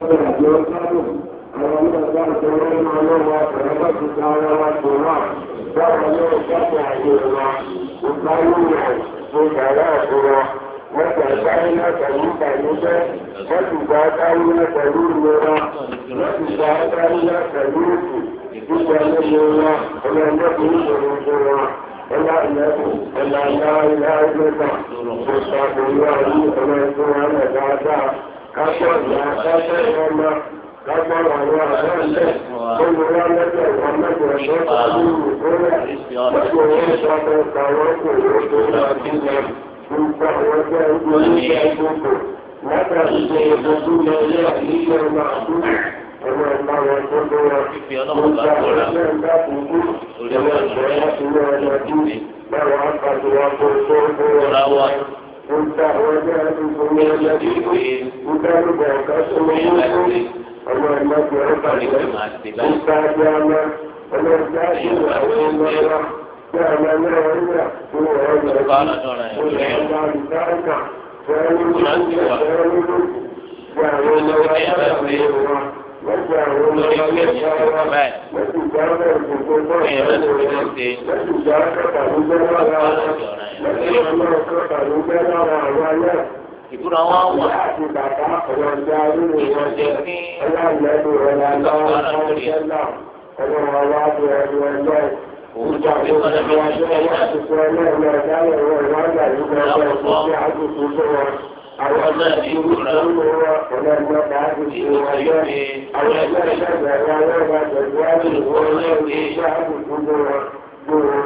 Wọ́n tàbá iná pẹ̀lú ìbànújẹ́, wọ́n ti gba ọ́dáwó iná pẹ̀lú ìlera, wọ́n ti gba ọ́dáwó iná pẹ̀lú òkú, ìgbésẹ̀ ẹlẹ́gbẹ̀ẹ́ wọn, ọlọ́ọ̀lọ́gbẹ̀ẹ́ ìṣòro wọn. ولا إله إلا الله لا إله إلا الله kápọ̀lá kápọ̀ ọmọ kápọ̀ àwọn àdáńlẹ̀ olùwà lẹ́jọ́ ọ̀pọ̀lọpọ̀ ṣọ́ọ̀tà lóru kọ́lá lọ́pọ̀ wọn sọ́tọ̀ táwọn kò lọ tó máa bí wọn gbogbo àwọn ẹgbẹ́ ẹgbẹ́ oníṣẹ́ gbogbo látàrí ṣe ìdójú lọ ilé àdíṣe ọmọ àdúgbò Ẹ̀rọ ẹ̀ka wọn tó lọ́wọ́, ó ń gbà wọ́n lẹ́ẹ̀ká kúkú, ìrẹ̀lẹ̀ ìṣẹ̀lẹ̀ láti lọ́wọ́ ọjọ́ dúdú, báwọn á kàdúrà tó tó lọ́wọ́. Ìgbà wo ni wọ́n yára pé lórí ilé ìṣẹ́ báyìí ẹ̀yìn náà ti fi ṣe ìbúra wọn wà ìrọ̀lẹ́ ní ìtọ́kọ̀ọ́nà lórí ẹ̀. Òun jọ pé kọ́lá bí wọ́n ṣe ń bá. Àwọn ọ̀pọ̀ àwọn ọmọ ìlú rẹ̀ ọ̀nà ìgbọ́ta àbùsí ọ̀yọ́ àwọn ẹgbẹ́ ìṣàgbà àwọn ọmọ ìgbàgbọ́ àbùsí ọ̀yọ́ iṣẹ́ àbùsí wọn.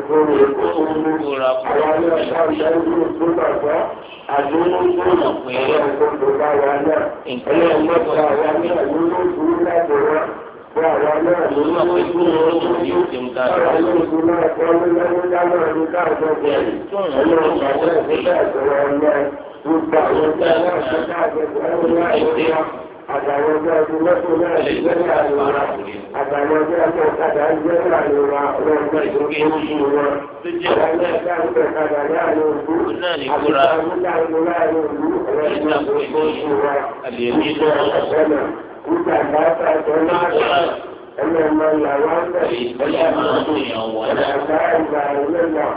Gbogbo èkó olúwo ra fún wa ní ọ̀sán ìṣẹ́jú tó bàbá àti olóńgbò pé ẹ̀rọ ìgbòho bá wa náà. Ìpínlẹ̀ Ọ̀gbọ́n bá wa ní àdúgbò tó láti wá. Olúwa pé kí wọ́n tó ní oṣù ń ga lọ. Bẹ́ẹ̀ni tó ń lọ sọ wọ́n pé olùgbà olùgbà ètè àtàwọn ọjọ́ ẹni lọ́sùn náà lè jẹ́ ní àlùwà àtàwọn ọjọ́ ẹni ọ̀kadà ń jẹ́ ní àlùwà ọlọ́ọ̀gbẹ́ ìdókè oṣù wọn. Àtàwọn ẹ̀ka ń bẹ̀ kadà ní àlù òkú. Àtàwọn ẹ̀ka ń bẹ̀ kadà ní àlù òkú. Ẹ̀ka ń bẹ̀ oṣù wọn. Àlè nígbà tá a ta jọ náà ṣá ẹ̀yẹ mọ ìyàwó ẹ̀ ẹ̀yẹ mọ ìyàwó ẹ̀ ẹ̀ka ìgbà ìwé náà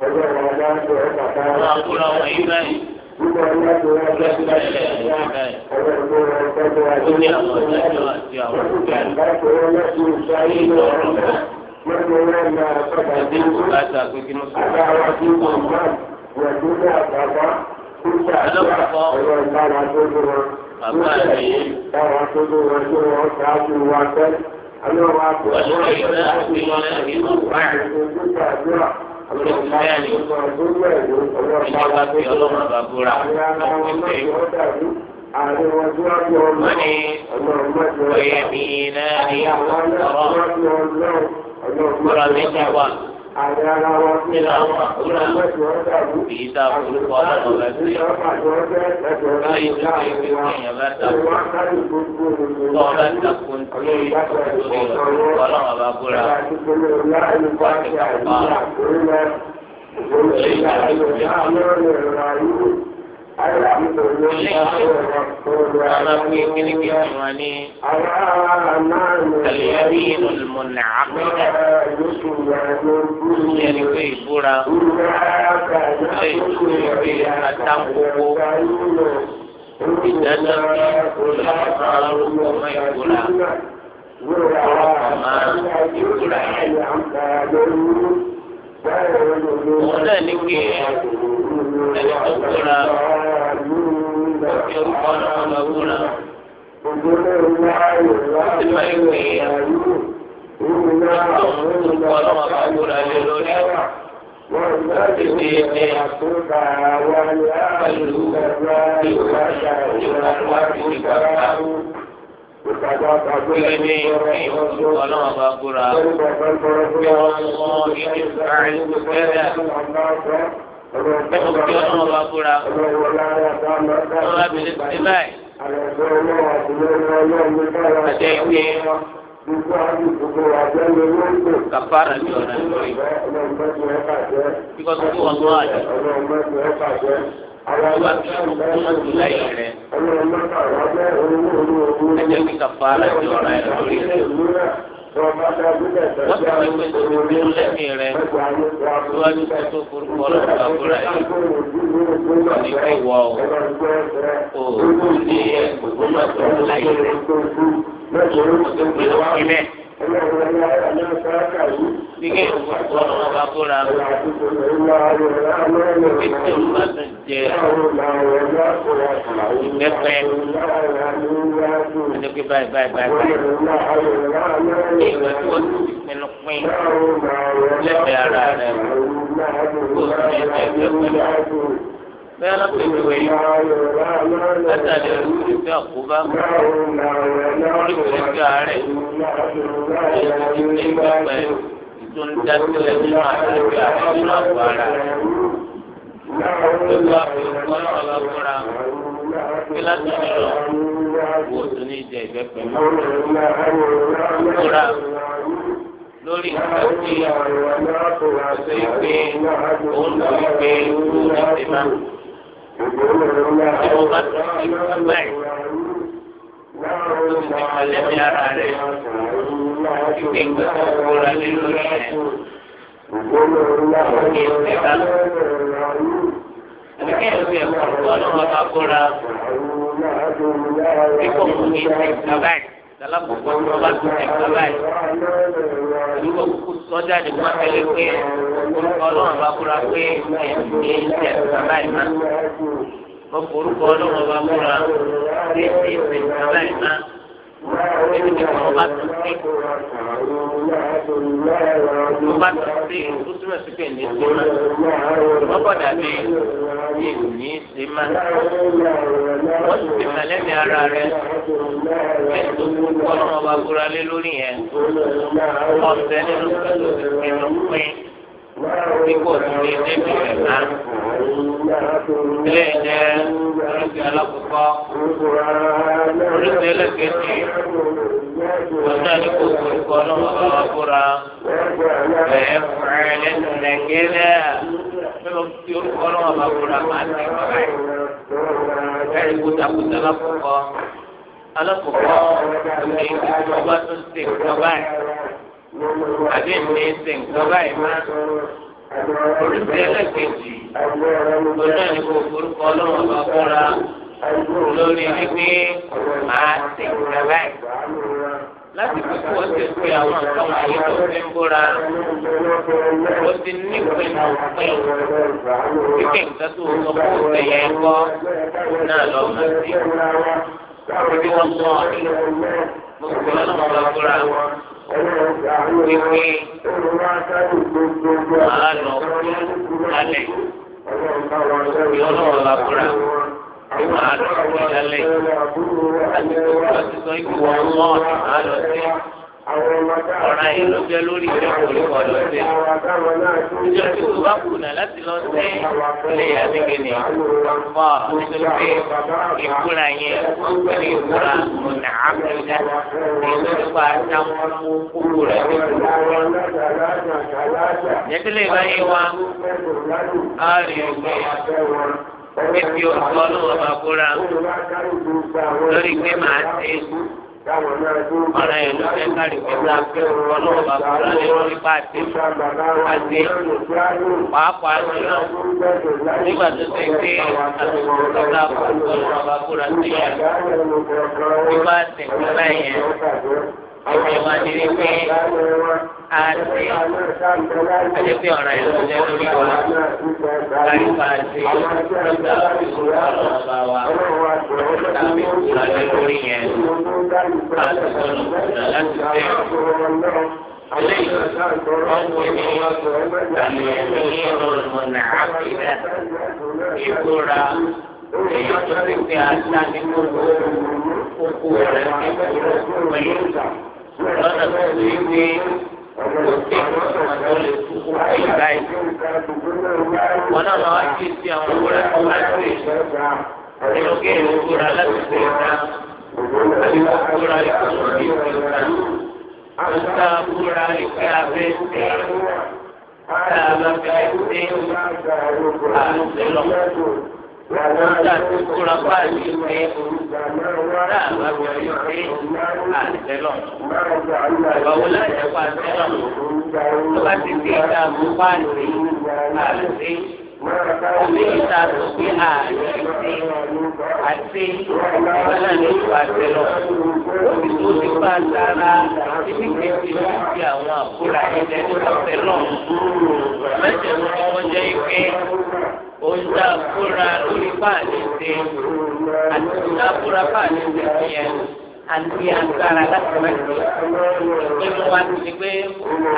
ẹ̀yẹ mọ ìyàwó ẹ̀ bàbá rẹ̀. Àkúrà wọ̀ yí báyìí. Nígbà yẹn ti wọ́n fẹ́ ti bá ṣe ẹ̀yà ẹ̀yẹ tó wọ́n fẹ́ tó wá sí ẹ̀yà tó wọ́n fẹ́ tó wá sí ẹ̀yà tó wọ́n fẹ́ tó wá sí ẹ̀yà tó wọ́n fẹ́ Mọ̀lẹ́ wọn máa sọ̀rọ̀ àdínkù. Àgbàwá tí kò ń bá ìwà tó dé àgbàwá. Ó ṣàṣà ọ̀rọ̀ ìbára tó dé wọn bàbá mi. ọ̀rọ̀ tó ló rẹ̀ tó rọ̀ ṣáájú wa tẹ́. ọlọ́run àpò ọ̀rọ̀ ìṣẹ́ àti ìlànà ìlú báyìí. Olóòtú bẹ́ẹ̀ ni ìjọba tí ọlọ́run bá búra láti pé wọ́n ní oyè mi náà ní ọ̀rọ̀ búra méjì wà àyà ara wa ní àwọn àkúrà mẹ́tò ọ̀dàrú. èyí tá a forúkọ ọlọ́run bá ṣe. báyìí tó ṣe pé kéèyàn bá dàkú. tó o bá dàkú nítorí lórí ọlọ́run bá búra. wọ́n ti dàkú pa. èyí tá a Alábí kíni kí ni wọ́n ní? Àlùyárí ìmọ̀nà àpẹẹrẹ. Yẹ́nì pé ìbúra. Ilé ìdúró pé adákòókò. Ìdáná bí olùkọ́ arúgbó ọmọ ìbúra. Ọ̀rọ̀ kan máa ń ìbúra yẹn òun náà ní kí ẹni tó kóra òkè orúkọ náà lọ kóra ó ti máa ń wé orúkọ náà bá kóra lé lórí láti ṣe ẹgbẹ́ pẹ̀lú ìwà ìwà ìwà ìwà ìwà. Olùdí ọlọ́run bá gbóra bí wọ́n mọ ìdí àárín bẹ́ẹ̀ olùdí ọlọ́run bá gbóra wọ́n bá bẹ̀rẹ̀ sí báyìí. Àjẹ́ ìwé kàfàrà ni ọ̀nà ìwé. Bíkọ́sì kí wọ́n tó àjẹ́ ìwà tí ṣùgbọ́n wọn ti lẹ́yìn rẹ̀. ẹ jẹ́ kí kàfàrà ti ọ̀rọ̀ ẹ̀ lórí rẹ̀. wọ́n ti fi pèsè ìdílé lẹ́mìí rẹ̀ síwájú tó tó forúkọ ọlọ́run àbúrò ẹ̀. wọ́n ní kó wọ o kò ní ẹ̀ kò tó máa tó láyé rẹ̀. wọ́n ti pèsè ìdílé Nígbà tó bá tó ọmọ bá kóra lọ. Ètò ìgbà tó jẹ ìgbẹ́pẹ́. Ẹni pé báyìí báyìí báyìí. Ìwé tó o ti pinnu pín lẹ́bẹ̀ẹ́ ara rẹ̀. Kó o ní ẹgbẹ́ pẹ̀lú bẹ́ẹ̀ ló ti wẹ̀ yìí látàrí oríṣiríṣi àkóbá oríṣiríṣi àárẹ̀ oríṣiríṣi ìgbàgbẹ́ tó ń dá sílẹ̀ nínú àtàrí àárẹ̀ nínú àgọ́ ara gbogbo àpòkọ ọlọ́gbọ́ra kí látàrí lọ wò tún ní ìjẹ ìbẹ́pẹ́ mọ́ kóra lórí nǹkan tí ọ̀sẹ̀ ìpè òun lórí pé ó ní ìpè máa ẹ̀wọ̀n ẹ̀wọ̀n báyìí tó ti kalẹ̀ ní ara rẹ̀ ìgbẹ́ ìgbẹ́ kọ́kọ́ra lé lórí rẹ̀ ó ní ìfẹ́ ká àbí kí ẹ̀rọ yẹn kọ̀ ọ́ lọ́wọ́ bá kóra kíkọ́ fún mi ìfẹ́ ìgbà báyìí dalakoko tí wọn bá tún ẹgbẹ́ báyìí olùkọ́ kúkú sọjà ní wọn tẹ́lẹ̀ pé orúkọ Ọlọ́run bá kúra pé ẹmí ìjẹ bàbá ìmá wọn forúkọ Ọlọ́run bá kúra pé ẹmí ìjẹ bàbá ìmá ènìyàn ọba tó sí ọba tó sí tó túmọ̀ sí pé ní sí ma wọ́n bọ̀ dàbí ní ní sí ma wọ́n sì mà lẹ́nu ara rẹ̀ ẹ̀tọ́ kọ́ ọ̀nà ọba gbúra lé lórí yẹn ọ̀sẹ̀ nínú pẹ̀lú ìpinnu pín bí kò tún lè débi rẹ̀ má. ilé jẹ́ oríṣi alákòókò oríṣi ẹlẹ́kẹ̀ẹ́jì wọ́n ní kò forúkọ lọ́wọ́ bàbá búra bẹ́ẹ̀ fúnra lẹ́nu nàìjíríà bẹ́ẹ̀ fi orúkọ lọ́wọ́ bàbá búra má ti bàbá yìí. bẹ́ẹ̀ ni kùtàkùtà alákòókò alákòókò òkè ìgbà tó ń ṣe ìjọba yìí àbí mi ṣe nǹkan báyìí má oríṣi ẹlẹ́gbẹ̀jì tó náà ní kò forúkọ ọlọ́run ọba fúnra lórí wípé màá ṣe nǹkan báyìí láti fi kú ọ̀sẹ̀ pé àwọn nǹkan wọ̀nyí tó fi ń bóra ó ti nípinnu pé kíkẹ́ nǹkan tó sọ fún òṣè yẹn kọ́ náà lọ́ọ́ máa ṣe. Ibi wọn sọ ọ́ gbogbo ọlọ́run bá búra wípé màá lọ kú lálẹ́ ìwé ọlọ́run bá búra ìwà àlọ́ kú lálẹ́ àti gbogbo àti sọ ìwọ ọlọ́run àlọ́ sí ọ̀ràn yìí ló jẹ́ lórí ìjọ òní ọ̀dọ̀ ṣe. ìjọ tí kò bá kùnà láti lọ sí ilé àdéhùn ni ọ̀pọ̀ nítorí pé ìkúra yẹn pẹ̀lú ìkúra ọ̀nà àmìlá èyí ló bá dáwọn kúrú rẹ̀ ní kúrú. ìyẹ́tìlẹ̀ ìbáyé wa á rí i pé pé bí o sọ kúra lórí pé màá ṣe é. ọ̀rẹ́ yẹn ló fẹ́ kárí pẹ̀lú àpẹ ọlọ́wọ́ bá fúnra lé lórí pàṣẹ àti pàápàá jùlọ nígbà tó ṣe pé àtúntò lọ́la fún ọlọ́wọ́ bá fúnra sí yàrá nígbà tẹ̀kọ́ láyẹn. àwọn ọmọ adìrí pé a ti àti pé ọ̀rọ̀ ẹ̀ ló jẹ́ lórí wa láyé bá a ti nígbà ìṣòro àwọn ọba wa tàbí ìṣòro lórí yẹn a ti sọ̀rọ̀ ìṣòro láti fẹ́. إليه قومه اليمين المنعقدة يقول èyí tó ti fi àṣà ní gbogbo oko rẹ̀ ní gbogbo pẹ̀lú lọ́nà tó yí pé kò sí ìwọ̀n tó lè kú ayé báyìí. wọn náà máa wá sí ti àwọn wúrẹ́ tó wá sí nínú kéèrè wúra láti ṣe ìta àti wúra ìkọ̀wé ìkọ̀wé ìta wúra ìkẹ́ abẹ́ tẹ̀ tá a bá fẹ́ ṣe àlùfẹ́ lọ. Ọjà tó kóra báyìí yìí pé ọ̀rá àbábọ̀ yìí pé àtẹlọ̀. Bàbá wo láti pa àtẹlọ̀? Tó bá ti fi ìta mú páàlì àti omi ìta tó fi ààyè sí àti ìwádà ní ìwà àtẹlọ̀. Omi tó ti bá dára ibi kejì ló fi àwọn àkúrà ẹ̀jẹ̀ ní àtẹlọ̀. Mẹ́jẹ̀ ló ń wọ́n jẹ́ ìpín òǹtà fúnra lórí fáàlì ṣe àti òǹtà fúnra fáàlì ṣe fi ẹ àti agbára láti má ṣe nínú wa ti di pé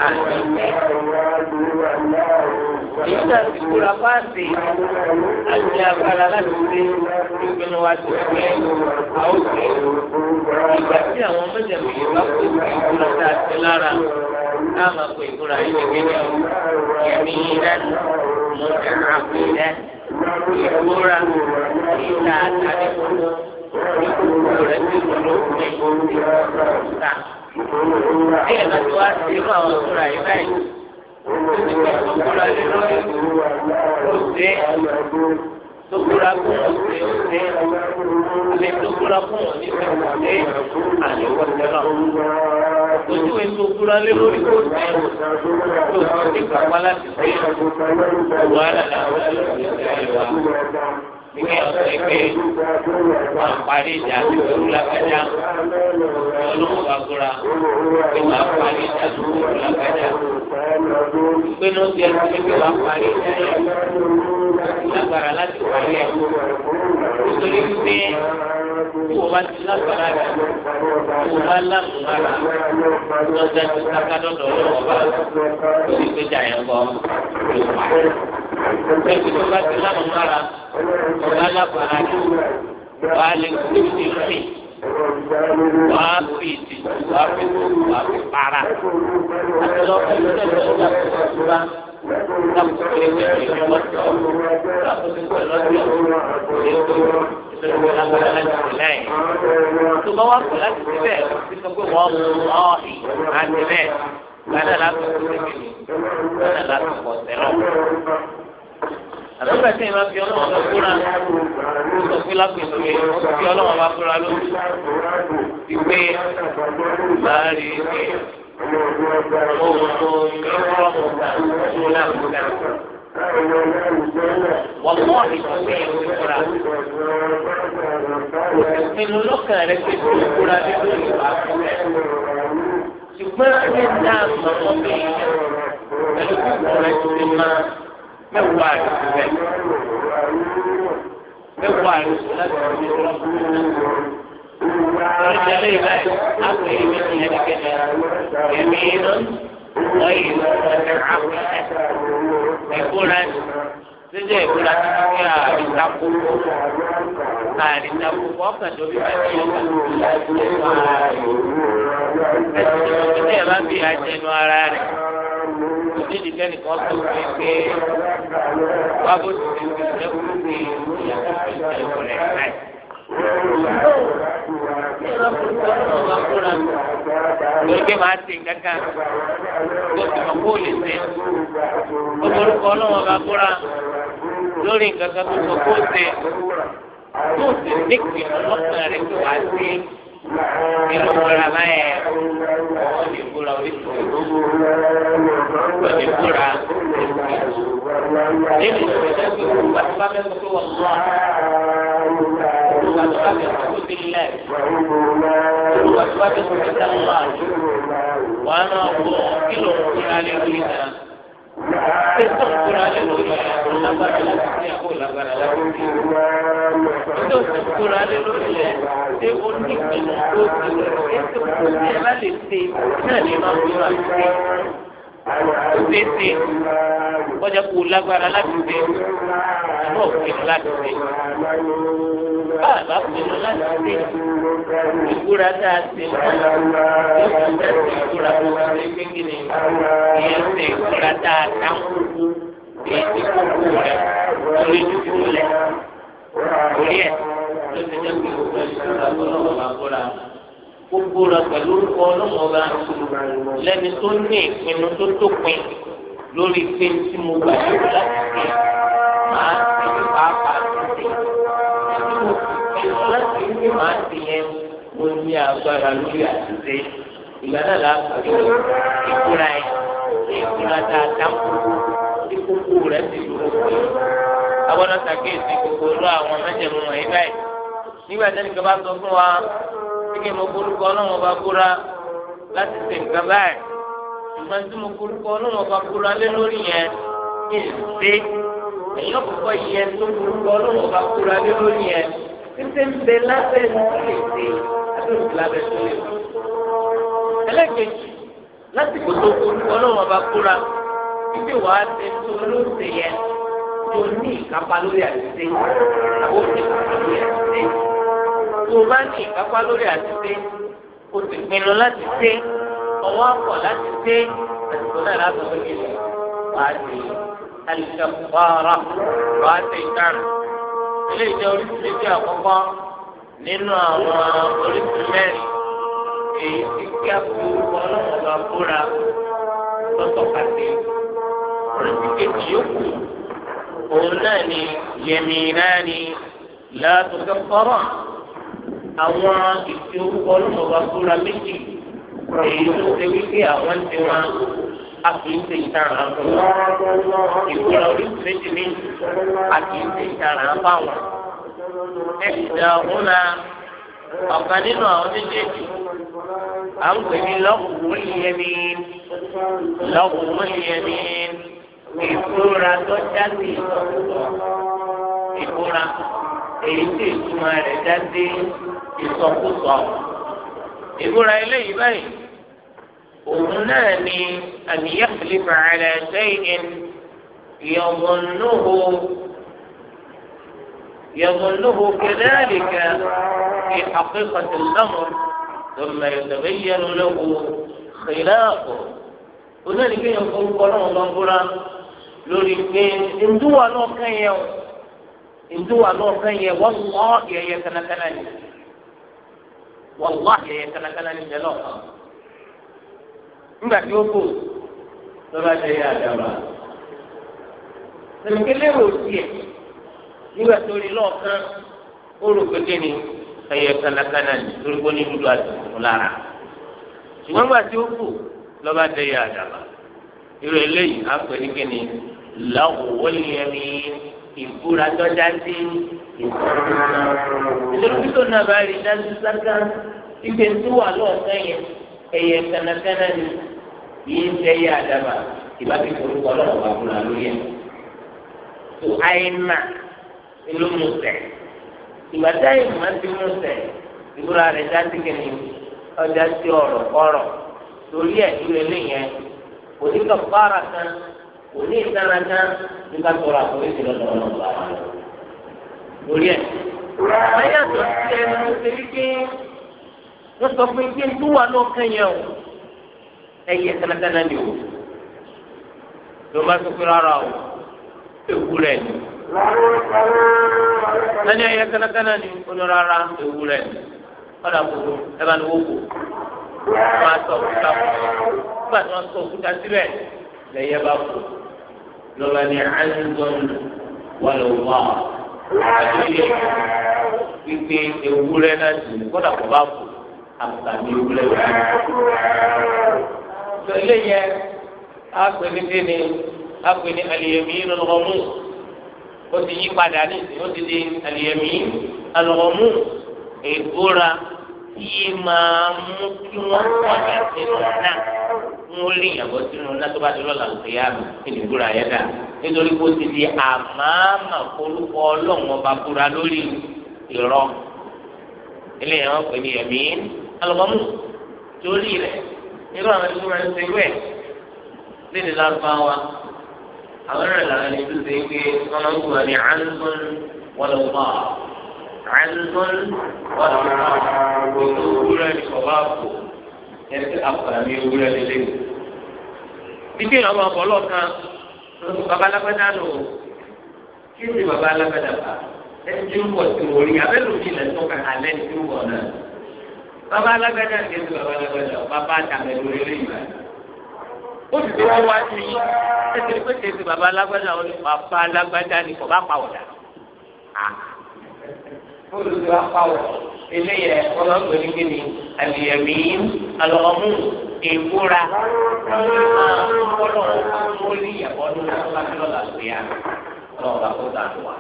àmì ìfẹ́ èyí náà ti fúnra fáàlì àti agbára láti ṣe nínú wa ti di àwọn òṣèré ìgbà tí àwọn ọmọdé bá kó ìfúnra tá a ti lára ama kó ìbúra yìí kékeré o yẹmi lẹnu mọtò àmì lẹnu ìbúra ìta àtàlẹkùnú ìkùkù rẹ ti dúró pé ta ẹyẹ náà tó wá sí irú àwọn ìbúra yìí báyìí tó ti gbà tó kúrò lé lórí lóṣè dókòrà fún òṣè òṣè lè dókòrà fún òníṣe òṣè àyẹ̀wò ìjọba ojú ẹ dókòrà lé lórí òṣè tó ti kàwá láti ṣe wàhálà làwọn ẹlòmíràn wà ìwé ọ̀sẹ̀ ìpè wọn parí ìjà tó lóru lágbájá ọlọ́run bá gbóra pé wọn parí ìjà tó lóru lágbájá pé ní oṣù ẹ̀rọ pé wọn parí ìjà yẹn lágbára láti parí ẹ̀ nítorí pé tó o bá ti lágbára rẹ̀ tó o lágbára lọ́jọ́ tó sáká lọ́dọ̀ ọlọ́run bá lórí pé yẹn bọ́ ló pa ẹgbẹ́ tó bá ti láwọn mára ọ̀gá lábàárà ni wà á lè kú sí sí wà á fi ìdì wà á fi kú wà á fi para àti lọ fún ìdílé tó ń gbà tó ń bá láwùjọ ewé ìdílé lọ́jọ́ àkókò lọ́jọ́ ètò ìṣòro agbára láti fi lẹ́yìn. tó bá wà kó láti fi bẹ́ẹ̀ wọ́n mú ọ́ ìhìn àti bẹ́ẹ̀ gbadá láti fi sẹ́kìnnì gbadá láti pọ̀ sẹ́lọ̀. àbẹ̀bẹ̀ tí ìmọ̀ fi ọlọ́wọ́ bá fúnra ló sọ pé lápẹ̀sẹ̀ ó fi ọlọ́wọ́ bá fúnra ló ti pé láàrin ìpè ohun tó ń rọ́ mọ̀tà tó lápẹ̀sẹ̀. Wàlúwàlú ìfọ̀sẹ̀ yẹn ti fúra. Ìpinnu lọ́kàn rẹ̀ pé kí o fúra nínú ìwà fúnra. Ṣùgbọ́n ẹgbẹ́ náà mọ̀ ọ́ bẹ́ẹ̀ pẹ̀lú kí ìfúnra ti fi máa. mẹ́wàá rẹ̀ sí bẹ́ẹ̀ mẹ́wàá rẹ̀ sí láti fi ṣe lọ fún mi. Ìrìnàjò lẹ́yìn báyìí, a pè é méjì yẹn ní kẹta. Èmi iná lọ́yìn lọ́sọ̀rọ̀ àwọn ẹ̀kúra ni. Sídé ìkúra ti fi kí àárín takò. Àárín takò ọkàn tó fi bàjẹ́ ọkàn tó fi láti ẹ̀kọ́ ara rẹ̀. Ẹ̀sìn ìdílé bá fi àjẹnu ara rẹ̀ nídìí kẹ́nìkan tó fi pé wá bó ti fi fi lẹ́kùn ní ìyàwó ìyàwó rẹ̀ láì. Gbèké máa ti kankan kó tí mo kó lè ṣe. Olórúkọ ọlọ́wọ́n bá kóra lórí nǹkan kan tó sọ kó ṣe. Tó sì níkùn ọlọ́pàá rẹ̀ tó wá sí nínú búra báyẹn wọ́n lè búra oríṣiríṣi wọ́n lè búra oríṣiríṣi. nínú ìṣẹ̀lẹ̀ bí olùwà tó bá fẹ́ sọ pé wọ́n lọ́wọ́ olùwà tó bá fẹ́ sọ pé bílẹ̀ olùwà tó bá fẹ́ sọ pé dáhùn àjò wọ́n á náà wọ kí lóun búra lé lórí náà. pẹ̀sẹ̀ búra lé lórí lágbára láti ní àbò lágbára láti ní. Ilé òsì kóra lé lórí ẹ̀ ṣé o ní ìpinnu tó ti rẹ̀ ṣé o ní ẹ bá lè ṣe náà ní máa ń gbé wà sí. O ṣe ṣe kọjá kó lágbára láti ṣe àmọ́ òfin láti ṣe. Bá a bá pinnu láti ṣe ìkúra tá a ṣe náà yóò fi jáde ìkúra tó ṣe gbégbé ni ìyẹn ṣe ìkúra tá a dáhùn èyí gbogbo rẹ̀ lórí dúdú lẹ̀ orí ẹ̀ ló ti jẹ́ pé gbogbo ẹ̀ṣọ́ ìgbàgbọ́ lọ́wọ́ bá gbọ́ra gbogbo rẹ̀ pẹ̀lú orúkọ ọlọ́wọ́ bá lẹ́ni tó ní ìpinnu tó tópin lórí pé tí mo gbà yóò láti ṣe máa ti ní pàápàá títí láti ní máa ti yẹn mo ní agbára lórí àtúnṣe ìgbà náà láti ṣe ìkúra ẹ̀ ìkúra dáadáa kúrò tí kókó rẹ̀ ti dúró pé agbọ́dọ̀ sàkéèsì gbogbo olú àwọn mẹ́jẹ̀mú wọ̀nyí báyìí nígbà tẹ́lẹ̀ kí a bá sọ fún wa kíkẹ́ mo forúkọ ọlọ́run ọba búra láti ṣe nǹkan báyìí ṣùgbọ́n tí mo forúkọ ọlọ́run ọba búra lé lórí yẹn kí n ṣe èyàn kọ̀kọ́ yẹ tó forúkọ ọlọ́run ọba búra lé lórí yẹn títí ń bẹ lábẹ́ ìṣe àbẹ̀wò lábẹ́ ìṣe láti kò tó forúkọ ọlọ́run ọba búra títí wàá ti tó lóṣè yẹn tó ní ìkápá lórí àtìsé àwọn òní ìkápá lórí àtìsé tó bá ní ìkápá lórí àtìsé o ti pinnu láti sé ọwọ́ àpọ̀ láti sé àtìkú náà láti tó kí ni wàá di alìkàfàrà wàá ti dànù ilé ìjọ oríṣiríṣi àkọ́kọ́ nínú àwọn oríṣi èyí tí kí a fi orúkọ ọlọ́mọba búra lọ́sọ̀kàtì ọkùnrin ti kejì yòókù òun náà ni yẹmí náà ni láàtúntò kọ́rọ̀ àwọn ìfi orúkọ ọlọ́mọba fúnra méjì èyí tó ṣe wípé àwọn ti wọn a kì í ṣe ìtara fún wọn ìfúra oríṣi méjì ní a kì í ṣe ìtara fáwọn ẹ̀ṣẹ̀ ọ̀hún náà ọ̀kan nínú àwọn méjèèjì à ń pè ní lọ́kùnrin yẹmí lọ́kùnrin yẹmí. ìfúra tó jáde ìfúra èyí tí ìtumọ̀ rẹ̀ jáde ìsọkúsọ. ìfúra eléyìí báyìí òun náà ni àníyàn fìlípà rẹ̀ sẹ́yìn yọ̀mọ̀nùhù يظنه كذلك في حقيقة الأمر ثم يتبين له خلافه هنالك يقول قولهم ضمبرا lórí pé ntúwà lọ́ọ̀kan yẹn o ntúwà lọ́ọ̀kan yẹn wọ́n lọ́ yẹyẹ kánákáná ni wọ́n lọ́ yẹyẹ kánákáná ni bẹ́ẹ̀ lọ́ọ̀kan nígbà tí ó kù lọ́ba jẹ́ yẹ àdàbà tẹ̀lékẹ́lẹ́ rò tiẹ̀ nígbà tó rí lọ́ọ̀kan ó rò pé kíni ẹyẹ kánákáná ni lórí pé ó ní dúdú àti funfun lára ṣùgbọ́n nígbà tí ó kù lọ́ba yẹ àdàbà irú eléyìí á pè ní kíni lọ́wọ́ yẹmi ìbúra tọ́já sí ìfúnná. ìlẹ́kùn tó nàbà rí dájú sáká ibi tó wà lọ́ọ̀kan yẹn ẹ̀yẹ kánnakánná ni yìí ń tẹ́yẹ àdàbà ìbá fi forúkọ lọ́wọ́ bá fúnra lórí ẹ̀. tó àìmà ló mú sẹ̀ ìgbà táyì má ti mú sẹ̀ ìbúra rẹ̀ dájú kìíní ọjà sí ọ̀rọ̀ kọ̀rọ̀ torí ẹ̀ dúró lé yẹn kò ní ìtànàtà nípa tọrọ àforíjì lọ́dọ̀ ọlọ́run bá wà lórí ẹ̀. àyàtọ̀ sí ẹnu ṣe wípé wọ́n sọ pé kí n tó wà lọ́kàn yẹn o ẹ̀yẹ tànàtà náà ni o ló bá tó pé rárá o ewu rẹ̀ ni. sani ẹ̀yẹ tànàtà náà ni o ní rárá ewu rẹ̀ ni ọ̀dà kòtò ẹ̀ bá ní wọ́pọ̀ wọ́n á sọ òkúta fún ọ nígbà tí wọ́n sọ òkúta sílẹ̀ lẹ́yẹ bá kú lọ́ba ní àìsàn wà ló wà àdúyẹ gbígbé ewúrẹ́ náà sì kódà kó bá kú àtàmì ewúrẹ́ wà. sọ ilé yẹn á pè ní lọ́lọ́mú ó ti yí padà ní ìsìn ó ti di àlìyẹmí alọ́mú ègbóra yìí máa mú kí wọ́n pọ̀ ní àti náà wọn lé ìyàbọ̀ sínú látọ́ bá ti lọ́la òkè yá mi kí ni ìbúra yẹn dà nítorí kó ti di àmàmà orúkọ ọlọ́run ọba búra lórí ìrọ eléyàn wọn pè ní ẹ̀mí alùpàmù torí rẹ̀ irú àwọn ẹni tó máa ń ṣe wẹ̀ léde lárúbáwá àwọn ẹ̀rọ làwọn ẹni tó ṣe pé wọn máa ń gbọ́ ní àǹtọ́n wọn lọ bá àǹtọ́n wọn lọ ní kọ̀ọ̀bá kò ẹni tó àpàlà mi wúrẹ́ lélẹ́yìn ibi ìyàn ọmọ ọkọ lọ́kàn bàbá alágbádá nù kí ni bàbá alágbádá bá ẹni tí ń bọ̀ sí orí abẹ́lú mi lẹ́nu tó kàn án lẹ́ni tí ń bọ̀ náà bàbá alágbádá ní ẹni bàbá alágbádá bàbá àtàmì lórí rí ìgbà ó sì tó wọ́n wá sí i ẹsẹ̀ pé kì bàbá alágbádá ó ní bàbá alágbádá ní kò bá pàwọ̀dà. olùdó apá wọ̀ eléyẹ ọlọ́gbẹ́ ní kíni àlìyẹ̀mí alọ́mú ìbúra ọlọ́run mọ́lì ìyàbọ̀ ní ọlọ́run làlùyà lọ́wọ́ bá kó dànù wá.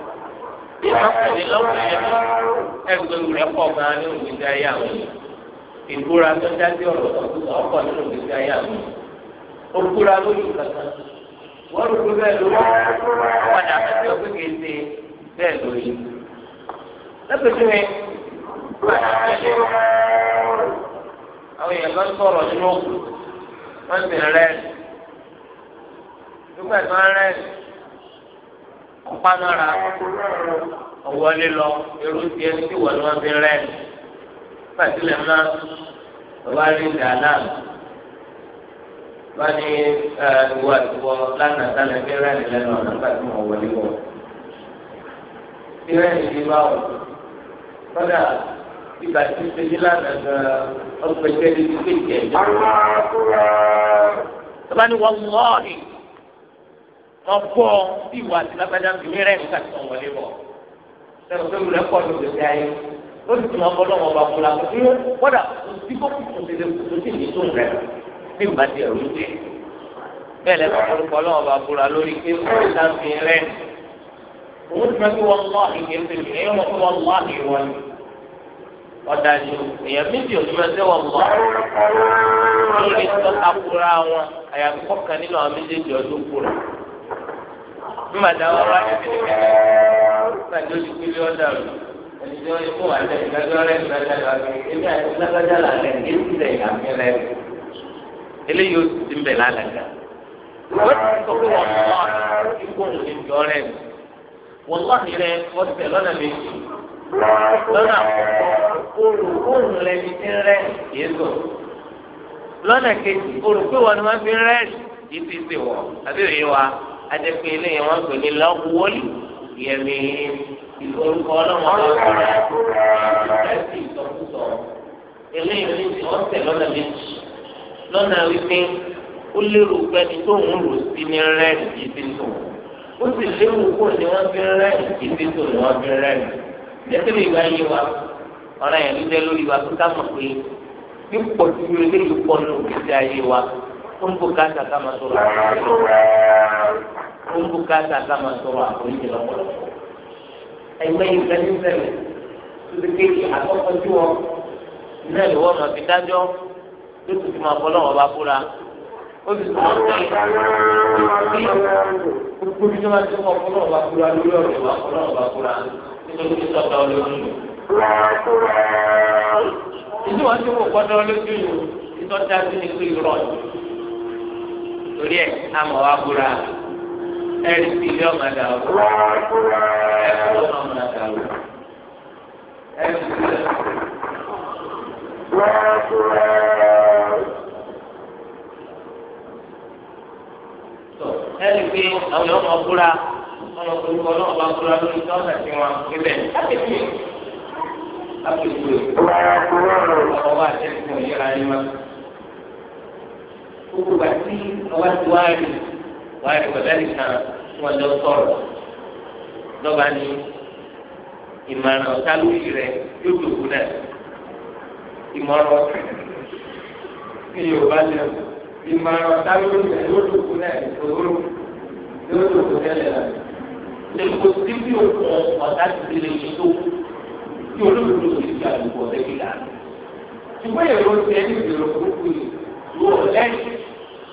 Ẹni lọ́wọ́ ẹgbẹ́ rẹ̀ pọ̀ gan-an ní òmìnira ayé àwọn ìbúra tó dájú ọ̀rọ̀ ọkọ̀ nínú òmìnira ayé àwọn òkúra lórí kankan wọ́n lù kú bẹ́ẹ̀ lórí ọ̀dà àti ọ̀gbẹ́gẹ́sẹ̀ bẹ́ẹ̀ lórí. Lọ́pọ̀ àwọn èèyàn kan sọ̀rọ̀ nínú òkú wọ́n sì rẹ́ nígbà tí wọ́n rẹ́ ọ̀pánára ọ̀wọ́lé lọ irú ti ẹni tí wọ́n wọ́n fi rẹ́ nígbà tí lè má wá rí ìdáná wọ́n ní ìwà ìwọ lánàá sálẹ̀ fi rẹ́ nílẹ̀ náà nígbà tí wọ́n wọlé wọ̀. ìrẹ́ni ti bá wọ̀ kọ́dà ìgbà tí ń tẹ̀lé lánàá gan-an ọgbẹ́ tẹ́lẹ̀ ní kéèké ẹ̀jẹ̀. tọ́ba ni wọ́n mú ọ́ọ̀nì wọ́n bọ́ bí ìwà àti lágbájá fi mí rẹ̀ nígbà tí wọ́n wọlé bọ̀. sẹ́nu pé wúlẹ̀ pọ̀ ní gbèsè ayé ó sì tún ọkọ lọ́wọ́ ọba fúnra kò sí kódà òsì kó kò tètè kò sí ní tó rẹ̀ ní ìgbà tí ẹ̀rù jẹ. bẹ́ẹ̀ lẹ́nu ọkọ lọ́wọ́ ọba fúnra lórí pé wọ́n ti máa fi wọ́n lọ́ọ̀hìn kí n fi mí ẹ̀rọ fún wọn lọ́ọ̀hìn wọn ni ọ̀dájú èèyàn méjì ò túmọ̀ sẹ́wọ̀ mọ́ lórí tọ́ka kúra wọn àyàfi kọ́kàn nínú àwọn méjèèjì ọdún kúra mbàdà wọn wá ní kìnìkan náà ní ojú kúlé ọ̀dà rẹ̀ ẹni tí wọ́n yẹ kó wà lẹ́yìn lọ́jọ́ rẹ̀ lọ́jọ́ rẹ̀ èmi àti lágbájá là lẹ̀ ní ìsìlẹ̀ ìyàmí rẹ̀ eléyìí ó ti ń bẹ̀ lálẹ́ gà wọ́n ti sọ pé wọ́n mọ̀ ọ́ ikú òun ní ìjọ rẹ̀ wọ́n lọ́ọ̀nì rẹ̀ wọ́n ti bẹ̀ lọ́nà méjì lọ́nà olùkóhùn lẹni tí ń rẹ́ yézò lọ́nà kejì olùkóhùn ni wọ́n fi ń rẹ́ yìí ti sè wọ̀ àbí òye wa adẹ́pẹ́ eléyìí wọ́n pè ní lọ́wọ́lì yẹmi ìforúkọ ọlọ́wọ́ ọlọ́wọ́ ẹ̀sìn ìsọkúsọ eléyìí ní ọ̀sẹ̀ lọ́nà méjì lọ́nà wípé ó lérò gbẹni tó ń rò sí ní rẹ́ yìí ti ó sì lérò kó ni wọ́n fi ń rẹ́ yìí ni wọ́n fi ń jẹ́sẹ̀lẹ̀ ìwà yé wa ọ̀rọ̀ yẹn ló dé lórí wa kó sáà mọ̀ pé pípọ̀ tí o lè lò pọ̀ nù kíkẹ́ ayé wa ó ń bùkátà ká máa sọ̀rọ̀ àwọn àgbẹ̀ ó ń bùkátà ká máa sọ̀rọ̀ àgbẹ̀ ìjì lọ́pọ̀lọpọ̀ ẹgbẹ́ ìfẹ́ ní ṣẹlẹ̀ tuntun kéèké àkọ́kọ́ tí wọ́n náà lè wọ́n máa fi dájọ́ tó tún ti máa fọ́ lọ́wọ́ bá fúra ó sì tún máa ń lórí ọ̀rọ̀ ìwà nítorí pé sọ̀tà olójú yìí. ìdí wọn ti wò kọ́tà olójú yìí ìtọ́jà sí ní pé irọ́ yìí. torí ẹ̀ àmọ̀ wa búra ẹ̀rí sí ilé ọmọ àdá ọ̀rọ̀ ẹ̀rí sí ọmọ àdá ọ̀rọ̀ ẹ̀rí sí ilé ọmọ àdá ọ̀rọ̀. ẹni pé àwọn ọmọ búra ọmọ orúkọ náà bá búra lórí tọ́lá tí wọn kébẹ̀ lápẹ̀tì lápẹ̀tì ọmọ wa tẹ̀sí ìyára yín wá. gbogbo wa tí ọba tí wàá rí wàá rí pẹ̀lú ẹ̀rí kan wọn lọ sọ̀rọ̀ lọ́ba ní ìmọ̀ràn ọ̀tá lórí rẹ̀ yóò dòkú náà ìmọ̀ràn kí Yorùbá lẹ́nu ìmọ̀ràn ọ̀tá lórí rẹ̀ yóò dòkú náà ìṣòro yóò dòkú tẹ́lẹ̀ rẹ̀. Èkó tí bí òkú ọ̀tá ti ti lè yí tó tí olóòtú ló ti di àdúgbò ọ̀rẹ́ gíga. Ṣùgbọ́n èrò ti ẹni ìbèrò burúkú yìí yóò lẹ́yìn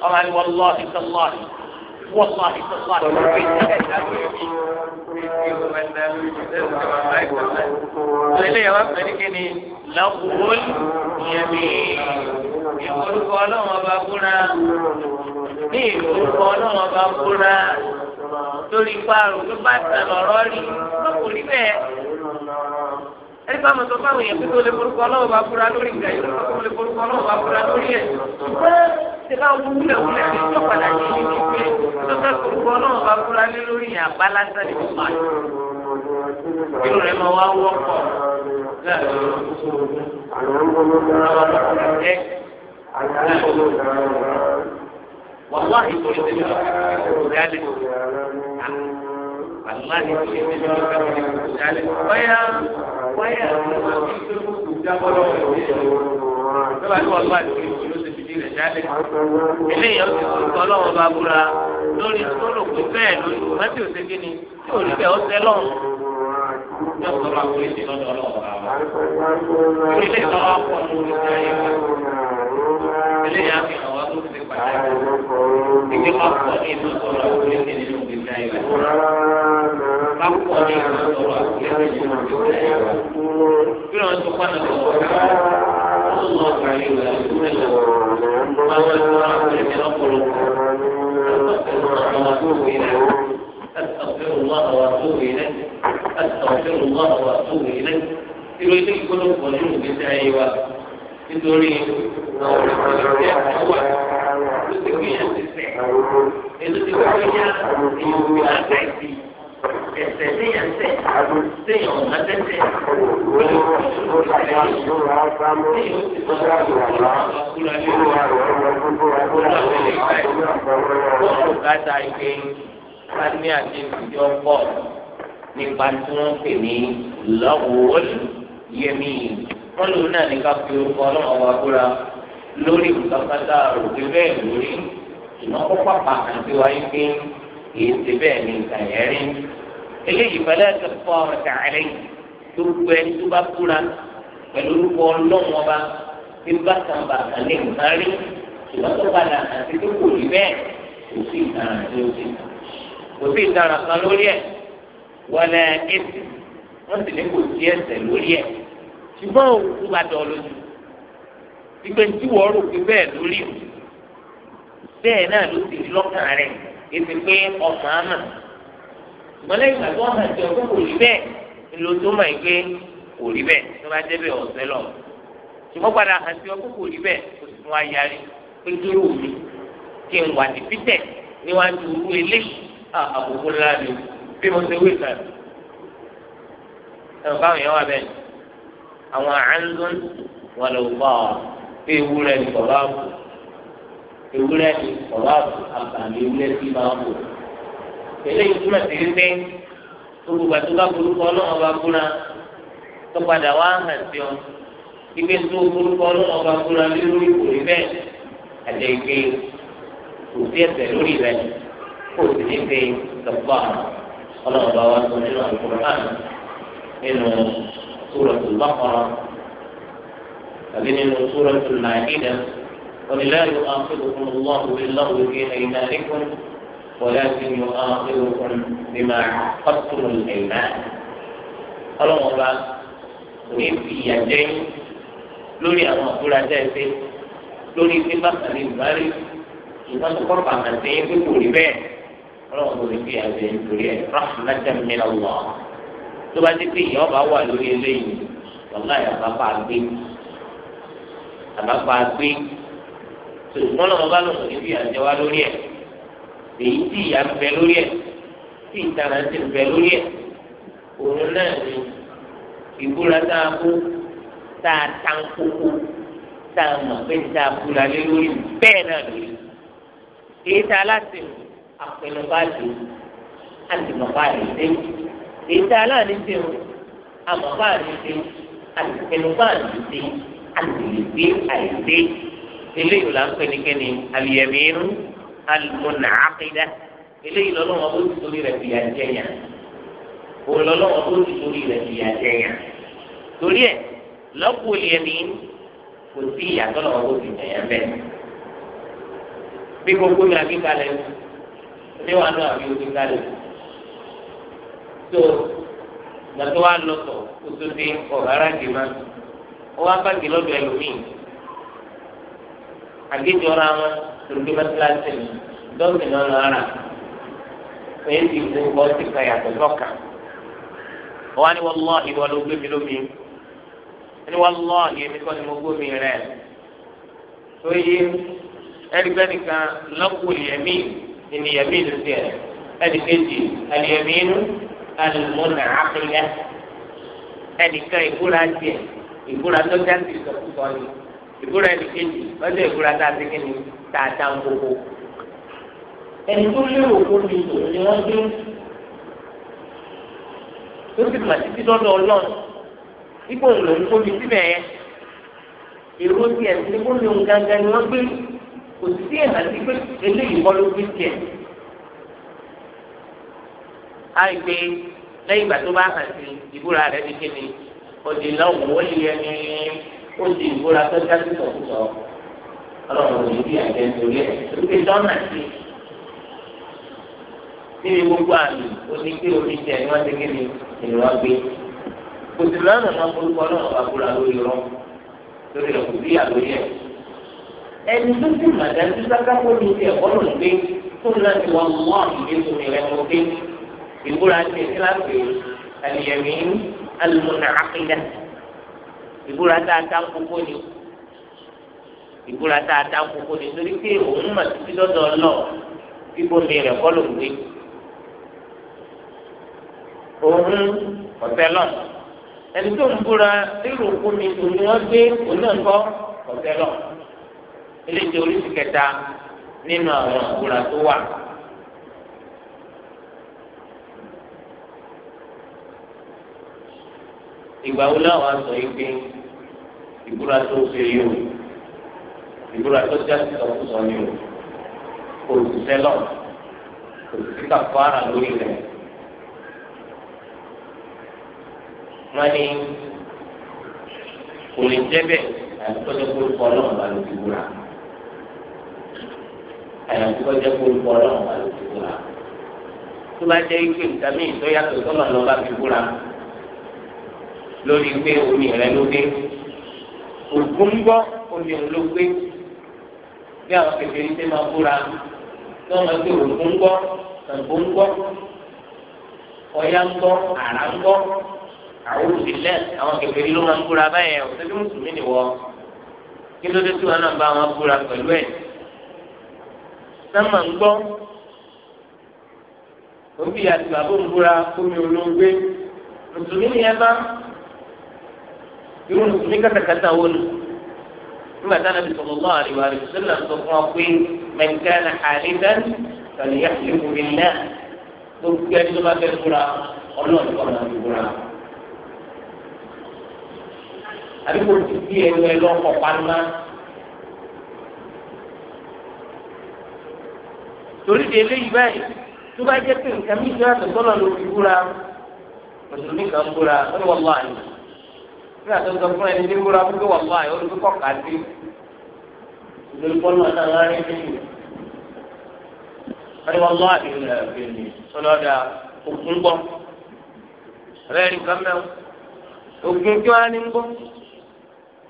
ọmọ ni wọ́n lọ ìtọ́lọ́ọ̀rì wọ́n lọ ìtọ́lọ́ọ̀rì wọ́n fi ìtẹ́lẹ̀ ìdájọ́ yìí. Ìlú ẹ̀wọ̀n pẹ̀lú kí ni lọ́kùnrin yẹn mi ìforúkọ ọlọ́run ọba búra ní ìforúkọ ọlọ́run ọba búra lórí ipaarò tó bá tẹ lọ́rọ́ rí lọ́kùn rí bẹ́ẹ̀. ẹni bá mọ̀tò fáwọn èèyàn pé tó lè forúkọ ọlọ́run ọba búra lórí nǹkan yìí lọ́kùn tó lè forúkọ ọlọ́run ọba búra lórí ẹ̀. ṣùgbọ́n ṣe bá wù wúlẹ̀ wúlẹ̀ ṣe tó padà yé ní pé tó fẹ́ forúkọ ọlọ́run ọba búra lé lórí yẹn àbá wàláhì tó lè tẹ̀lé ìdálẹ̀ wàláhì tó lè tẹ̀lé ìdálẹ̀ báyà báyà ìdábọ̀lọ̀ ìjọba ní wàláhì tó lè tẹ̀lé ìdílé jálẹ̀ eléyìí ó ti sọ̀rọ̀ ọlọ́run bá búra lórí tó lò pé bẹ́ẹ̀ lórí mọ́tì ò ṣégé ni tí ò rí bẹ́ẹ̀ ó tẹ́ lọ́run yóò sọ̀rọ̀ àpò ìṣèlọ́dọ̀ ọlọ́run bá wà. ilé ìtọ́wọ́ pọ̀ lórí ìṣẹ́ yẹn eléyìí á fi hàn wá tó fi pàtàkì ìdí ká pọ̀ ní ìlú sọ̀rọ̀ àkúrẹ́sì nínú gbèsè àyè wa ká pọ̀ ní ìlú sọ̀rọ̀ àkúrẹ́sì nínú gbèsè àyè wa bí wọ́n tó pàdé lọ́wọ́ ká wọ́n lọ́ọ́ kàlí ìwé àdúgbò lọ́wọ́ máa wọ́n lọ́wọ́ àkúrẹ́sì lọ́pọ̀lọpọ̀ أستغفر الله وأتوب إليه أستغفر الله وأتوب إليه إلى إليه كل قلوب بسعي nítorí àwọn ìrọ̀lẹ́ àtúwà ló ti gbìyànjú sẹ̀ èlò ti wá yá ìwé àgbà ìdí ẹsẹ̀ téèyàn sẹ̀ téèyàn ọ̀nà tẹ́tẹ̀ lórí ìrọ̀lẹ́ àtúwà téèyàn ti sọ fún àwọn ọ̀nà kúlọ̀ nínú àwọn ọ̀nà ìlẹ̀ báyìí wọ́n bá ta ike sani àti ìdíjọ pọ̀ nípa tí wọ́n pè ní lọ́wọ́ yẹmí wọn lòun náà ní ká fi orúkọ ọlọ́run ọba búra lórí ìgbàkátà òkè bẹ́ẹ̀ lórí ìnáwó pàpà àti wáyé pé èyí ti bẹ́ẹ̀ ní ìgbà yẹn rí eléyìí fẹlẹ́ ti fọ́ ọ̀rọ̀ tààrẹ́ gbogbo ẹni tó bá búra pẹ̀lú orúkọ ọlọ́run ọba tí bá tàn bàtà lè má rí ṣùgbọ́n tó padà àti tó kò rí bẹ́ẹ̀ kò sí ìtara tí ó ti kò sí ìtara kan lórí ẹ̀ wọlé ẹ̀sìn wọ́n sì ní kò sí ẹ̀ṣẹ̀ lórí ẹ̀ ṣùgbọ́n òkú bá dọ̀ lójú ìgbẹ́ tí wọ́n rò pé bẹ́ẹ̀ lórí o bẹ́ẹ̀ náà ló ti di lọ́kàn rẹ̀ èsì pé ọmọ àmà ìmọ̀lẹ́ ìgbà tó hàn jẹ́ ọkọ kò rí bẹ́ẹ̀ ńlọ tó mọ̀ pé kò rí bẹ́ẹ̀ tó bá débẹ̀ ọ̀sẹ̀ lọ ṣùgbọ́n padà hàn sí ọkọ kò rí bẹ́ẹ̀ kò sì fún wa yarí pé dúró mi kí n wà ní pítẹ̀ níwájú irú eléyìí àbùkù mi bí mo ṣe wí kan ẹ̀ báwọn yẹn wà bẹ́ẹ̀ àwọn àánú wọn lè wá ọ ewúrẹ́ ní kọlá àbò ewúrẹ́ ní kọlá àbò àbàmì ewúrẹ́ sí máa bò eléyìí túmọ̀ sí wípé olùgbà tó bá burúkọ ọlọ́wọ́n bá búra tó padà wá hàn sí ọ ibi tó burúkọ ọlọ́wọ́n bá búra lórí ìkórè bẹ́ẹ̀ àti kò sí ẹsẹ̀ lórí rẹ kò sì ní pé lọ́pọ̀ ọlọ́wọ́n bá wá nínú àlùkò nínú. سورة البقرة فمن سورة المائدة قل لا يؤاخذكم الله بالله في أيمانكم ولكن يؤاخذكم بما عقدتم الأيمان ألو أبا ونيب في يجين لوني أبو أقول أجازي لوني في بقى من باري إذا تقر بقى من تيب كل بيت ألو أبو رحمة من الله tó bá dé pé ìyá ọba wà lórí eléyìí wàhálà yà bá gbé àbá bá gbé tòṣùmọ́ náà bá lòun níbi àjẹ lórí ẹ̀ èyí tí ìyá ń bẹ lórí ẹ̀ tí ìtara ti ń bẹ lórí ẹ̀ òun náà ni ìbúra tá a kú tá a tán kókó tá a mọ̀ pé tá a búra lé lórí bẹ́ẹ̀ náà lórí èyí tá a láti àpinnu bá dé bá rẹ̀ dé èyí tá a láàánú ṣe o àmọ̀fà ní ṣe àtìkẹnufà ní ṣe àtìlẹ́gbẹ́ àìṣe eléyìí là ń pè ní kẹ́ni àlìyẹ̀mínú àlùmọ̀nà àkìdá eléyìí lọ́lọ́wọ́ bó ti torí rẹ̀ fìyà jẹ̀yà òun lọ́lọ́wọ́ bó ti torí rẹ̀ fìyà jẹ̀yà torí ẹ̀ lọ́pọ̀ ìyẹ̀mí kò sí ìyàtọ̀ lọ́wọ́ bó ti jẹ̀yà bẹ́ẹ̀ bí gbogbo mi àbí kalẹ̀ ní wàá náà àbí ojú kalẹ̀ tó gbàtọ́ wa lọ́tọ̀ oṣù tí ọ̀gára dì má ó wá báàgì lọ́dọ̀ ẹlòmíì àgéjọ ra wọn lòdì mẹ́tíláṣí ni dọ́ọ̀tì náà lọ ara èyí ti kú ọtí kan yàtọ̀ lọ́kàn wọ́n á ní wọ́n lọ́ ìwọ ló gbé mi lómi ẹni wọ́n lọ́ èmi kọ́ ni mo gbó mi rẹ̀ tó ẹnikẹ́ni kan lọ́kùnrin yẹmí ìníyẹmí ló tiẹ̀ ẹnikẹ́jì ẹniyẹmí inú alimọ́nà àpẹyẹ ẹnìkan ìkúra tiẹ̀ ìkúra tó jáde ìsọkúsọ ni ìkúra ẹnìkejì lọ́jọ́ ìkúra tá a ti kí ni tá a ta gbogbo. ẹni tó lérò kó mi lò ni wọ́n dé tó ti mà títí lọ́dọ̀ ọlọ́run ipò ńlò ń kó mi síbẹ̀ yẹn èrò tiẹ̀ ní kó mi ń gangan ni wọ́n gbé kò sí ẹ̀nà sí pé eléyìí kọ́ ló gbé tiẹ̀ àìgbé lẹ́yìn ìgbà tó bá hàn sí ìbúra rẹ̀ ti kéde òdì lọ́wọ́ ó lè ẹni ó di ìbúra tó dájú sọ̀tọ̀ ọlọ́run ò ní bí àjẹ́ nítorí ẹ̀ lókè dọ́nà sí níbi gbogbo àmì oní pé omi jẹ ni wọ́n ti kéde ìrora gbé kò sì lọ́nà náà forúkọ náà àbúrò lórí rọ lórí rẹ kò bí àlóyè ẹ̀ ẹni tó sì mà dájú sáká kó ní ti ẹ̀kọ́ lòún gbé tó ń láti wọ́n mọ́ àmì yéṣu mi rẹ̀ mọ́ gbé ìbúra ti islam pé àlìyẹmí alùmùnà àkìlẹ ìbúra tá a dá kókó ni ìbúra tá a dá kókó ni torí pé òun mà títí lọ́dọ̀ lọ bíbó mi rẹ̀ kọ́ ló ń gbé òun ọ̀tẹ̀ lọ ẹni tó ń búra rírò kó mi wọn gbé òun náà kọ́ ọ̀tẹ̀ lọ ilé ìjọ oríṣi kẹta nínú àwọn ìbúra tó wà. ìgbà wo láwọn aṣọ yìí pé ìbúra tó ṣe yìí o ìbúra tó jáde sọkúsọ ni o òṣìṣẹ́ lọ òṣìṣẹ́ kàkọ́ ara lórí rẹ̀ wọ́n ní kò lè jẹ́ bẹ́ẹ̀ àyàfikọ́jẹ́ kórìkọ́ ọlọ́run bá ló ti búra àyàfikọ́jẹ́ kórìkọ́ ọlọ́run bá ló ti búra tó bá jẹ́ ike ìtàmì ìtọ́yàtọ̀ sọ́nà lọ́ba ti búra lórí pé omi rẹ ló dé ògùn ń gbọ́ omi òun ló gbé bí àwọn kékeré ṣe máa búra tí wọ́n máa gbé ògùn ń gbọ́ ògùn ń gbọ́ ọ̀yá ń gbọ́ àrá ń gbọ́ àwọn òṣìlẹ̀ àwọn kékeré ló máa búra báyẹn ò sẹ́bí mùsùlùmí ni wọ́n kí ló dé tí wọn náà bá wọn búra pẹ̀lú ẹ̀ sẹ́mà ń gbọ́ òbí àti bàbá ń búra fún mi olóńgbé mùsùlùmí ni ẹ bá. irú mùsùlùmí kàtàkàtà wọn nù nígbà tí anabi sallallahu alaihi wa sallam sọ fún ọ pé man kana halidan falyahlif billah gbogbo ẹni tó bá fẹ́ fúra ọlọ́run kọ́ náà fúra. àbí kò tí bí ẹnu ẹ lọ́kọ̀ pálá. torí de eléyìí báyìí tó bá jẹ́ pé nǹkan mi jẹ́ àtọ̀tọ̀ náà ló fi fúra mùsùlùmí kan fúra ó ní wọ́n lọ́ àná. nígbà tó ń sọ fún ẹni tí múra fún pé wàhálà ẹ̀ olùkọ́ kọ̀ọ̀ká sí lórí pọ́nù ọ̀sán láàrin nínú ẹni wàhálà ìlú ẹ̀fẹ̀mí sọlọ́dà ògùn gbọ́ ọlẹ́rìí kan mẹ́wọ́ ògùn kí wọ́n á ní gbọ́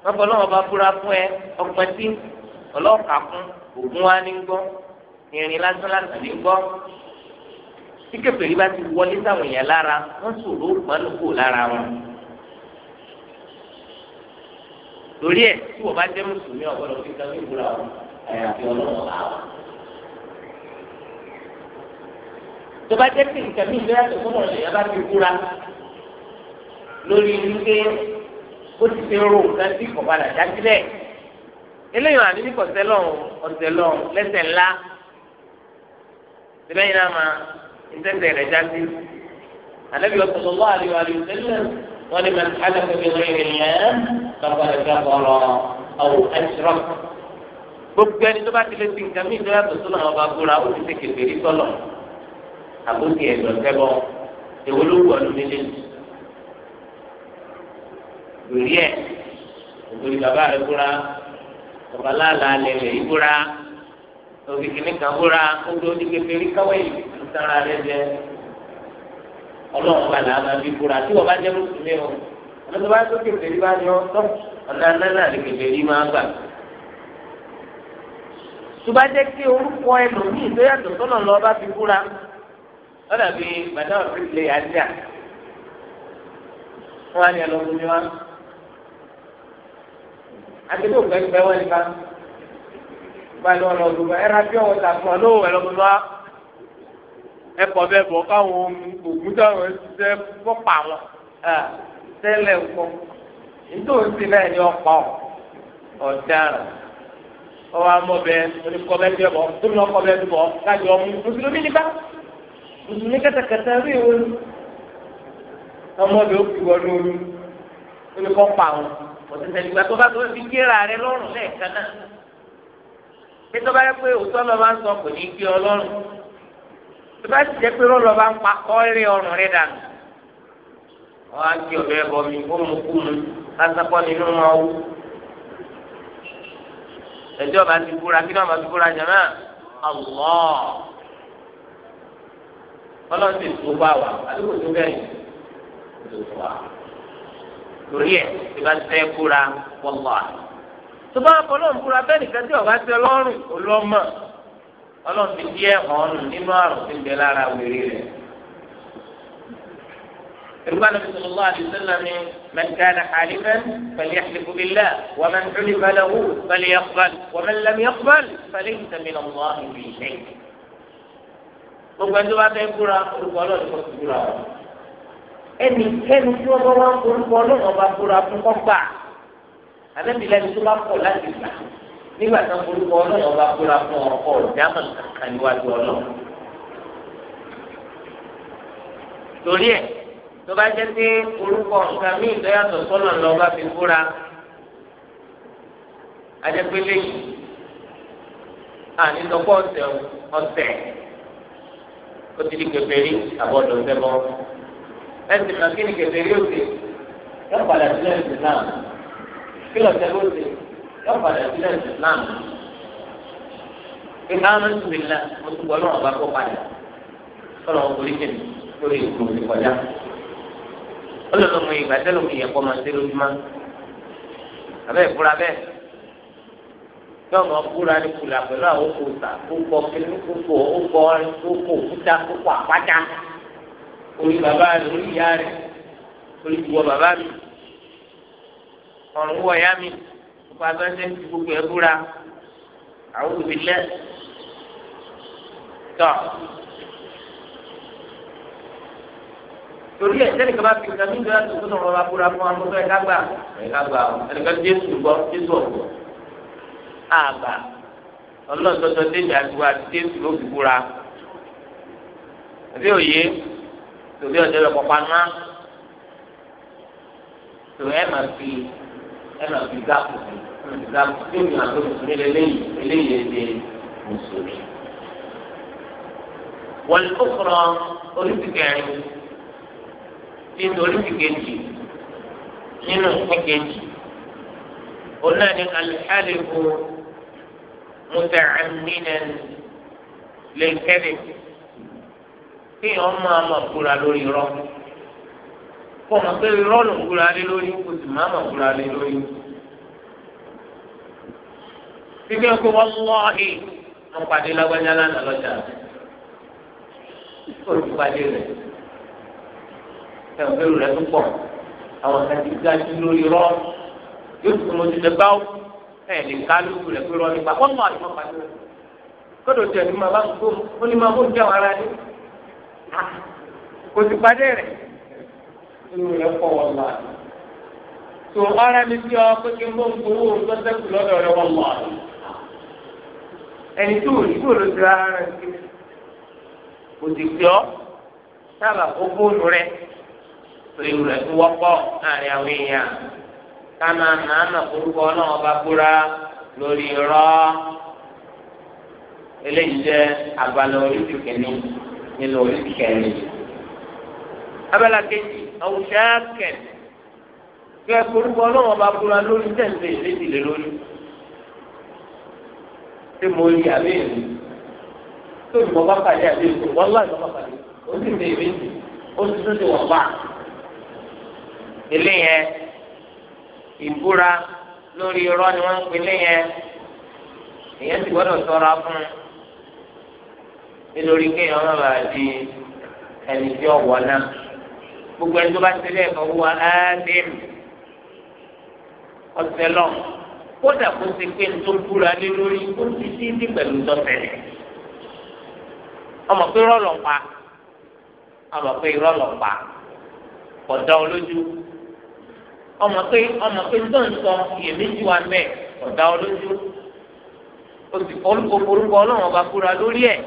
wọ́n fọ́ lọ́wọ́ bá fúra fún ẹ ọgbọ́n tí ọlọ́ọ̀kà fún ògùn wa ní gbọ́ ìrìn lásán lásán ní gbọ́ tí kẹfẹ́ bá ti wọlé sáwọn èèyàn lára wọ́n sòrò pẹ̀lú kò lára torí ẹ tí wọ́n bá jẹ́ mùsùlùmí ọ̀gbọ́dọ̀ fi kan níbúra wọn àyàfi ọlọ́run àwọn. tó bá jẹ́ pé nǹkan mi ìlera tó fọ́nà lè yára fi búra lórí wípé ó ti fi ro nǹkan tí kò padà já sílẹ̀ eléyìí wà nínú kọ̀sẹ́lọ̀ ọ̀sẹ̀lọ̀ lẹ́sẹ̀ ńlá síbẹ̀ yìí náà máa ń rẹ̀ já sí. àlẹ́ bí wọ́n lọ́wọ́ àríwá àríwá tẹ́lẹ̀ wọ́n ní mẹ́ta kápẹ́rẹ́ kápọ́rọ́ àwọn ẹ̀ṣọ́. gbogbo ẹni tó bá ti lè fi nǹkan mí ìdílé àtúntò náà ọba gbóra ó ti ṣe kèfèrí sọ́lọ̀ àbókè ẹ̀dọ̀ tẹ́bọ̀ èwo ló wù ọdún méjèèjì. lórí ẹ̀ ògbóni bàbá rẹ̀ gbóra bàbá láàlá alẹ́ rẹ̀ yí gbóra òbí kìnnìkan gbóra ó dó ní kèfèrí káwé yìí ń tara rẹ̀ jẹ ọlọ́run bá làá gbóra tí wọ́n bá jẹ́ mùsùlùmí o ẹni bá tó kékeré rí bá ní ọ tọ́ ọ̀nà náà lè kékeré rí máa gbà. tuba jẹ́ kí orúkọ ẹlòmíì tó yàtọ̀ sọ́nà lọ bá fi búra lọ́dà bíi madam ridley adia wọ́n á ní ẹlọ́dún ní wa. akéde òkè ẹgbẹ́ wọn nípa gba ẹlọ́dún ọdún ẹ ra bí ọwọ́ ta fún ọ lọ́wọ́ ẹlọ́dún wa ẹ kọ̀ bẹ́ẹ̀ bọ̀ káwọn ògùn táwọn ẹ ti sẹ́ fọ́pà wọn tẹ́lẹ̀ ńkọ nítòsí náà ni ọ̀pọ̀ ọ̀daràn ọwọ́ amọ̀bẹ oníkọ́bẹ́tì ọ̀bọ̀ tóbi ọkọ̀bẹ́tì bọ̀ káàdì ọmú mùsùlùmí nípa mùsùlùmí kẹtẹkẹtẹ rí ìwé ọmọbẹ òkú wọnú olú oníkọ́ pa àwọn ọ̀tẹ̀tẹ̀ ìgbà tó bá tó fi kíra rẹ lọ́rùn lẹ́ẹ̀kan náà nítorí báyìí pé òótọ́ lọ bá ń sọ kò ní í gbé ọlọ́run tó bá ti jẹ́ pé rọ́ọ̀lọ́ bá ń pa kọ́ wọn á kí ọbẹ bọ mi kó mu kú mu lásàkọ nínú wọn wú ẹjọ bá ti kúra kí náà bá ti kúra jẹmọ ọlọ ọlọsì tó bá wà àdúgbò tó bẹ́ẹ̀ tó tó wà torí ẹ tí bá tẹ kúra wọlọ àná tó bá kọlọ ń kúra bẹ́ẹ̀ nìkan tí ọba tẹ lọ́rùn olọmọ ọlọsì díẹ̀ hàn nínú àrùn tí ń bẹ lára wèrè rẹ ìrúbà nàbí sọlọ́lá àdìsẹ́lá ni mẹ́kánà àlìfẹ́ pẹ̀lú àlìkùbílà wà mẹ́n tún ìfẹ́ lẹ́wọ́ pẹ̀lú yàkùbal wà mẹ́n lẹ́mí yàkùbal pẹ̀lú ìtẹ̀mínà mọ́ ìbí ìṣẹ́. gbogbo ẹni tó bá fẹ́ kúra orúkọ ọlọ́run kò kúra o. ẹnì kẹ́ni tí wọ́n bá wá orúkọ ọlọ́run ọba kúra fún kọ́gbà àbẹ́bìlẹ́ni tó bá pọ̀ láti gbà nígbà tó orúkọ ọlọ́run ọba kúra fún ọkọ̀ ìdámọ̀ kankan níwájú ọlọ́run. torí ẹ̀ tó bá jẹ́ pé orúkọ nǹkan míì tó yàtọ̀ sọ́nà lọ bá fi búra ajẹ́pẹ́lẹ́ yìí àní lọ́kọ́ ọ̀sẹ̀ ọ̀sẹ̀ ó ti di kèfèrí àbọ̀dọ̀ sẹ́bọ̀ ẹ̀sìn máa kí ni kèfèrí òsè yọ padà sílẹ̀ Islam kí lọ sẹ́bọ̀ òsè yọ padà sílẹ̀ Islam kí káwọn ń sùn nílẹ̀ mo tún gbọ́ lọ́wọ́ bá kó padà sọ̀rọ̀ orí lórí ìkùn ìkọjá ọlọ́dún mu ìgbà tẹ́lẹ̀ mi yẹ kọ́ máa ṣe lójúmọ́ abẹ́ ìfura bẹ́ẹ̀ tí ọmọ fúra ní kùlà pẹ̀lú àwọn kò sà kó kọ kíní kó kọ ó kọ ọrin kó kọ òkúta kó kọ àpáta orí bàbá rẹ orí ìyá rẹ orí ìwọ bàbá mi ọ̀rùn wọ ìyá mi kópa abẹ́sẹ̀ ti gbogbo ẹ̀ fúra àwọn òbí lẹ̀ tọ́. torí ẹ sẹ́ni kaba fi ìtàn nígbà tó tó lọ́wọ́ abúra fún amúgbọ́ ẹ̀ka gbà ẹ̀ka gbà ẹ̀ka jésù gbọ́ jésù ọ̀gbọ́ àgbà ọlọ́dọ̀dọ̀ déjì àtiwá jésù ló fi búra ẹbí òye tòbí ọ̀dọ́ rẹ̀ kọ́kọ́ aná tò ẹ̀ mà fi ẹ̀ mà fi gáàpù ẹ̀ mà fi gáàpù tí mùsùlùmí lélẹ́yìn eléyìí ẹ̀dẹ̀ mùsùlùmí. wọ́n lè kókòrò orí ti kẹrin. nítorí kejì nínú kejì onáni alihalifu mutacaminan lẹkẹrẹ kéèyàn máa ma kura lórí irọ́ kó mo pé irọ́ ló ń lé lórí kó sì máa ma kura lé lórí. Fífi ń kó wọ́lọ́ọ̀hì ń pàdé lágbájá na ẹ̀wọ̀n fẹ́rù rẹ̀ tó pọ̀ àwọn kan ti dájú lórí rọ́ yóò tún mo ti lè bá ẹ̀ lè ká lóko rẹ̀ pé rọ́ nípa wọ́n mọ àdúgbò pàdé rẹ̀ kọ́dọ̀ tẹ̀ ní ma bá gbó ó ní ma bó jẹ́ wàrà dé kò sì pàdé rẹ̀ lórí rẹ̀ pọ̀ wọ́n mọ́ àdúgbò tó ọ̀rẹ́ mi fi ọ pé kí n bó ń gbowó lọ́sẹ̀kù lọ́dọ̀ rẹ̀ wọ́n mọ́ àdúgbò ẹni tó òyìnbó ló ti rárá rẹ̀ kí o ti fi ọ sábà kó fóònù rẹ̀. torí rẹ̀ tó wọ́pọ̀ láàrin àwọn èèyàn ká máa màámà orúkọ náà bá búra lórí irọ́ eléyìí jẹ́ abala oríṣi kìíní nínú oríṣi kẹrin. abala kejì ọ̀wùsá kẹ̀lì kẹ́ orúkọ náà bá búra lórí tẹ̀sán ìrètí lé lórí. mo rí àbí èmi tó bá pàdé àbí wọ́n láì bá pàdé ó sì ìrètí eléyẹn ìbúra lórí irọ́ ni wọ́n ń pè léyẹn èyàn ti gbọ́dọ̀ ṣọ́ra fún nítorí kéèyàn má bàa di ẹni tí ó wọ̀ náà gbogbo ẹni tó bá ti lẹ́ẹ̀kọ́ wá ẹ́ẹ́dẹ́m ọ̀sẹ̀ lọ kódà kó ti pé ní tó búra lé lórí ó ti sí ní pẹ̀lú dọ́sẹ̀lẹ̀ ọmọ pé rọ́ọ̀lọ́ ọmọ pé rọ́ọ̀lọ́ pa ọ̀dọ́ olójú ọmọ pé ọmọ pé tó ń sọ iyèméjì wa mẹ ọ̀dà olójú o sì orúkọ orúkọ ọlọ́run ọba kúra lórí ẹ̀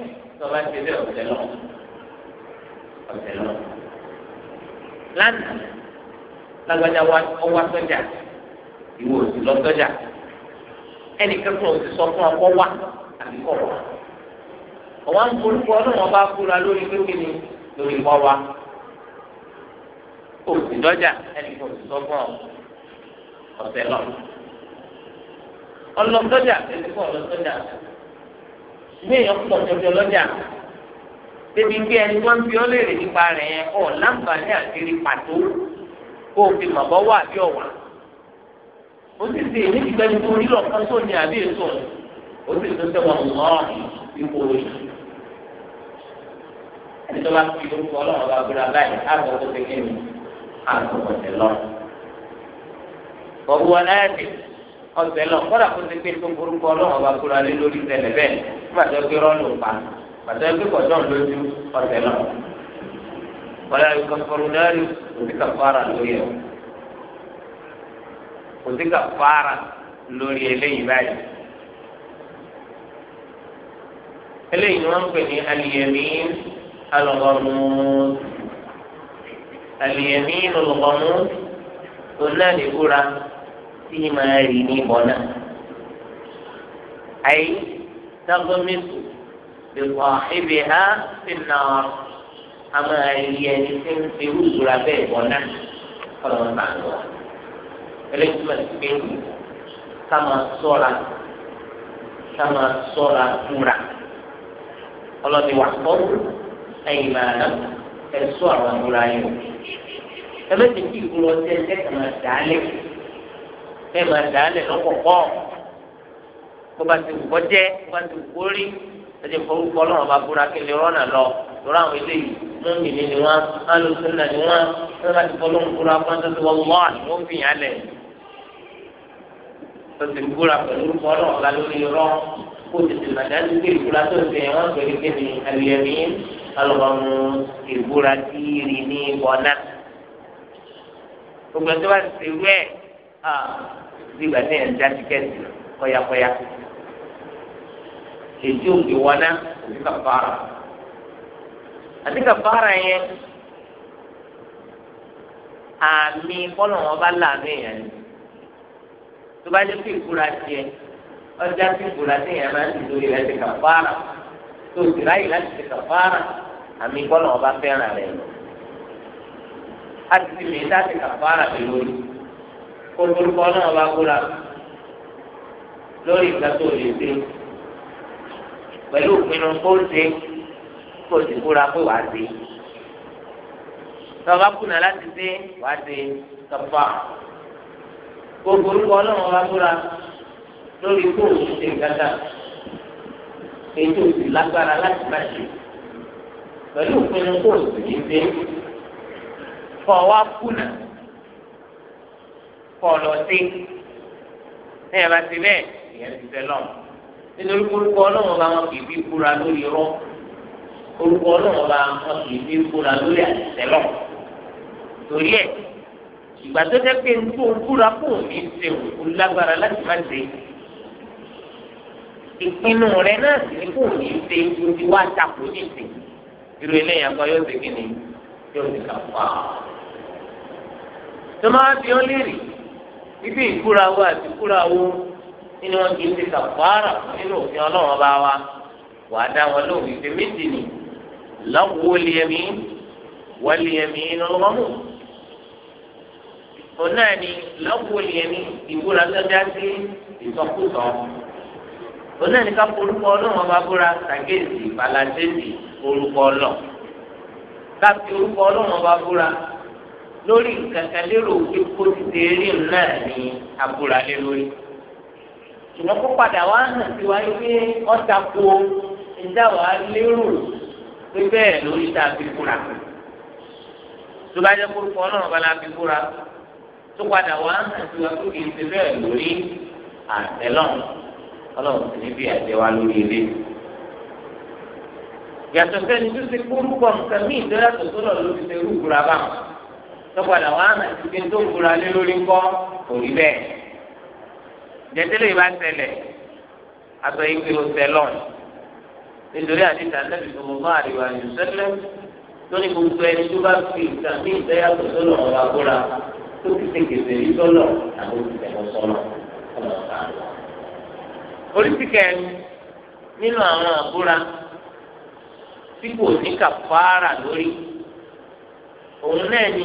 tọ́ba ti lé ọ̀tẹ̀ lọ ọ̀tẹ̀ lọ. lánàá lágbájá ọwá sọ́jà ìwọ òsì lọ sọ́jà ẹnìkan tó ti sọ fún ọkọ wa àbí kọ̀ wá. ọ̀wá ń polúkọ ọlọ́run ọba kúra lórí pé kí ni lórí kọ́ wa òkú dọ́jà ẹni kò sí sọ́gbọ́n ọ̀sẹ̀ lọ. ọlọ́dọ́jà ẹni kò ọlọ́dọ́jà ní èèyàn pọ̀ tọ́jú ọlọ́jà débi pé ẹni wọ́n ń fi ọ́ léèrè nípa rẹ̀ yẹn ọ̀ láǹfààní àkiri pàtó kó o fi mọ̀ bọ́ wà bí ọ̀wà. ó sì ṣe èyí ti gbẹ́ni tó nílò kan tó ní àbí èso ó sì tó tẹ́wọ̀n mọ́ ipò yìí ẹni tó bá fi orúkọ ọlọ́run bá gbéra báyìí á àtúntò tẹ̀lọ́. Bọ̀bú wa náà ti ọ̀sẹ̀ lọ kọ́dà kó ti pé tó burúkú ọlọ́run ọba kúra lé lórí tẹ̀lẹ̀ bẹ́ẹ̀ pàtó pé rọ́ọ̀lù pa pàtó pé kọ̀dọ̀ lójú ọ̀sẹ̀ lọ. Wọ́lá yóò kọ́kọ́rù náà rí òsì kàfàrà lórí ẹ̀. Òsì kàfàrà lórí eléyìí báyìí. ni wọ́n ń pè ní alìyẹ̀mí alọ́gọ́rùn àlìyẹ̀mínú lọ́mú onáàlì búra tí máa rí ní ìbọn náà. àyè tágọ́mẹ́sù lè kọ́ ibi ha sí náà a máa rí ẹni tí ń fi wúzura bẹ́ẹ̀ ìbọn náà kọ́lọ́ ń bá a lọ. eléyìí máa ti gbé ká máa sọ́ra ká ẹ̀sọ́ àwọn ìmúra yín o ẹ bẹ́ẹ̀ ti kí ìgbúrọ̀ ọtí ẹ̀jẹ̀ kan máa dàálẹ̀ ẹ̀ máa dàálẹ̀ lọ́kọ̀ọ̀kọ́ bó bá ti wùkọ́ jẹ́ bó bá ti wùkọ́ rí ẹ̀jẹ̀ forúkọ ọlọ́run bá búra kele rọ́nà lọ lọ́rọ́ àwọn eléyìí mọ́mìnì ni wọ́n alùsùnà ni wọ́n wọ́n bá ti fọlọ́run búra pátá tó wọ́n wọ́n àti wọ́n fìyàn lẹ̀ tọ́sí búra pẹ̀lú orúkọ ọlọ́run kálọ̀wá mú ìbúra tí ìrì ní ọ̀nà gbogbo ẹni tó bá ti ṣe wẹ́ à nígbà tí ẹ̀ ń já tíkẹ́ẹ̀tì kọ́yakọ́ya èyí òkè wọná àti kàfàrà àti kàfàrà yẹn àmì bọ́lá wọn bá láàánú èèyàn ni tó bá jẹ́ pé ìkúra tiẹ̀ ọjà tí ìkúra tiẹ̀ máa ń ti lórí rẹ̀ ti kàfàrà tó sì ráyè láti ti kàfàrà àmì bọ́lá ọba fẹ́ràn rẹ̀ lọ. a ti ti mi láti kàfàrà mi lórí kó lórúkọ náà bá kúra lórí ìgbà tó lè dé pẹ̀lú ìpinnu kó ṣe kó sì kúra pé wàá dé tọ́ bá kùnà láti dé wàá dé kàfàrà gbogbo orúkọ ọlọ́run wa lórí kó ṣe gàdá ètò ìlágbára láti má ṣe pẹ̀lú ìpinnu kò sì ní dé kọ́ wa kùnà kọ́ lọ sí ní ẹ̀rọ ti bẹ́ẹ̀ ìyẹn ti fẹ́ lọ́wọ́ nítorí orúkọ ọlọ́run bá wọn kì í bí kúra lórí irọ́ orúkọ ọlọ́run bá wọn kì í bí kúra lórí àtẹ̀lọ́ torí ẹ̀ ìgbà tó jẹ́ pé nítorí òǹkúra kò ní ṣe òǹkú lágbára láti má ṣe ìpinnu rẹ̀ náà sì ni kò ní ṣe ojú wa takò ní ìsìn irú eléyàn kan yóò segin ni yóò ti kà fún wa. tó máa fi ó lérì ibi ìkúrawó àti ìkúrawó nínú wọn kì í ti kà fún ara nínú òfin ọlọ́run ọba wa wàá dá wọn lóhùn ìfẹ́ méjì ni lọ́wọ́ lèmi wọ́lẹ̀mí lọ́wọ́mú. ọ̀nà ni lọ́wọ́ lèmi ìbúra lọ́jà sí ìsọkúsọ. ọ̀nà ni ká polúkọ ọlọ́run ọba búra sàgéèsì bàlàdéèsì orúkọ ọlọ́ láti orúkọ ọlọ́run bá búra lórí nǹkan kan lérò pé kó ti dé rí náà ní abúra lé lórí ṣùgbọ́n kó padà wá hàn sí wa pé ọ̀tà kó ìjà wa lérò pé bẹ́ẹ̀ lórí tá a fi búra tó bá jẹ́ orúkọ ọlọ́run bá la fi búra tó padà wá hàn sí wa pé kì í ṣe bẹ́ẹ̀ lórí àtẹlọ́run ọlọ́run sì ní bí àtẹ lórí ilé yàtọ̀ sẹ́ni tó ti kúrú pọ̀ nǹkan míì tó yàtọ̀ sọ́dọ̀ ló ti ṣerú gbura bá wọn tọ́padà wọn àmà ìdíje tó gbura lé lórí ńkọ́ kò rí bẹ́ẹ̀ jẹ́tẹ́lẹ̀ ìbá tẹ̀lẹ̀ àtọ̀ ìpè òsèlọ́n nítorí àdìsá lẹ́bi tó mọ̀ àríwá ìṣẹ́lẹ̀ lórí gbogbo ẹni tó bá fi nǹkan míì tó yàtọ̀ sọ́dọ̀ ọ̀rọ̀ àkúrà tó ti ṣe kèsè rí sọ́lọ̀ tí kò ní kàfàrà lórí òun náà ni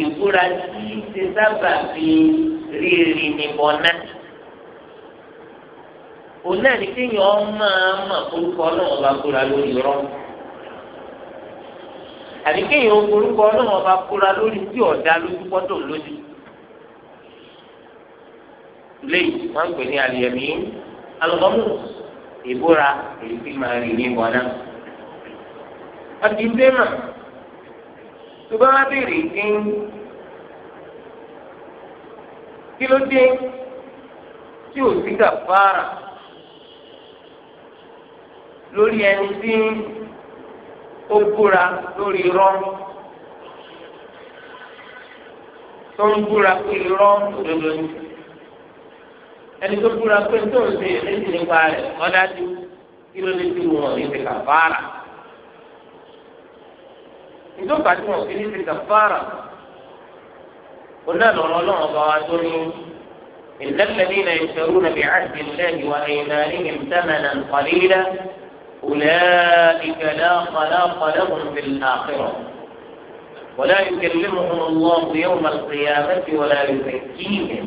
ìbúra tí ṣe sábà fi rírì nìbọn náà òun náà ni kéèyàn máa mà orúkọ náà bá búra lórí rọ àbí kéèyàn orúkọ náà bá búra lórí tí ọ̀dà lójú pọ́tò lójú léyìí wọ́n ń pè ní àlùyẹ̀mí alùpàmù ìbúra èyí tí máa rìn ní ìbọn àdìsẹ́mà tó bá wá béèrè pé kí ló dé tí ò sí kàfàrà lórí ẹni tí ó búra lórí irọ́ tó ń búra pé irọ́ òdodo ni ẹni tó búra pé tó ń ṣe èyí nípa rẹ̀ ọ̀dájú kí ló dé tí wọn ò ní ti kàfàrà. nítorí pàtó wọn fi ní ti kàfàrà onáà lọ́rọ́ náà ọba wa tó ní إلا الذين يشترون بعهد الله وأيمانهم ثمنا قليلا أولئك لا خلاق لهم في الآخرة ولا يكلمهم الله يوم القيامة ولا يزكيهم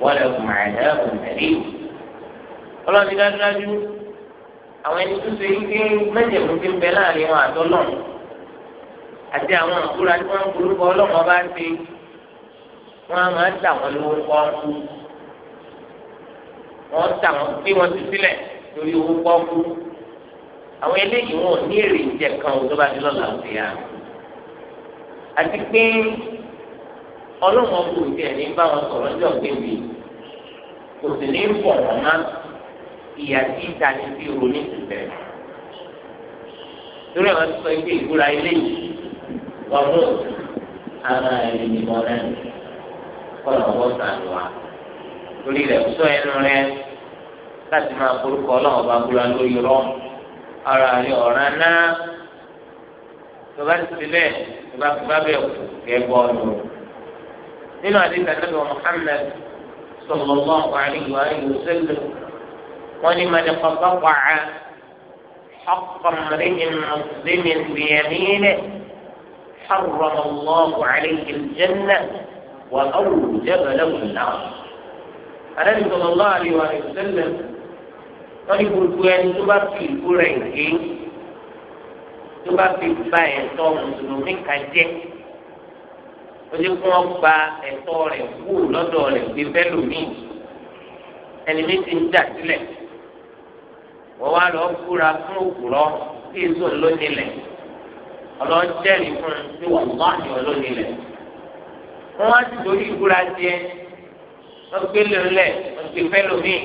ولهم عذاب أليم ọlọ́run ti dájú dájú àwọn ẹni tó ṣe ike mẹ́jẹ̀mú ti ń bẹ láàrin wọn àtọ́lọ́run àti àwọn àkúrà tí wọ́n ń burúkọ ọlọ́mọ bá ń ṣe wọ́n á máa ń tà wọ́n lówó pọ́ńkú wọ́n tà wọ́n gbé wọn ti sílẹ̀ lórí owó pọ́ńkú àwọn eléyìí wọn ò ní èrè ìjẹ kan tó bá ti lọ́la òsè yá àti pé ọlọ́mọ kò tiẹ̀ ní bá wọn sọ̀rọ̀ ọjọ́ gbèbí kò sì ní bọ̀ wọ́n má ìyá tí ìta ni fi ronú ìsìlẹ̀ torí àwọn sọ pé ìbúra eléyìí wọ́pọ̀ àmà ẹ̀yìn mọ́ náà kọ́nà wọ́n sàlù wa torí rẹ̀ sọ ẹnu rẹ láti máa forúkọ ọlọ́run ọba búra lórí rọ ara rẹ ọ̀ràn náà tó bá ti ti bẹ́ẹ̀ tó bá ti bá bẹ́ẹ̀ kù kẹ́ bọ́ọ̀lù nínú àdéhùn àtàkùn Muhammad sallallahu alayhi wa alihi wa sallam wọ́n ní mani kọ́kọ́ kọ́ a ọkọ̀ mìíràn mùsùlùmí حرم الله عليه الجنة وأوجب له النار النبي صلى الله عليه وسلم wọ́n ní gbogbo ẹni tó bá fi ìlú rẹ̀ gé tó bá fi ba ẹ̀tọ́ mùsùlùmí kan jẹ́ ó ní kí wọ́n gba ẹ̀tọ́ rẹ̀ kú lọ́dọ̀ rẹ̀ gbé bẹ́lòmíì ẹni méjì ń dà sílẹ̀ wọ́n wá lọ kúra fún òkúrọ́ kí èso lónìí lẹ̀ ọlọ́run jẹ́rìí fún un pé wọ́n mọ́ àmì ọlọ́run ilẹ̀. wọ́n wá sí torí ìkúra tiẹ̀ wọ́n gbé lọ́lẹ̀ wọ́n gbé fẹ́ lómìn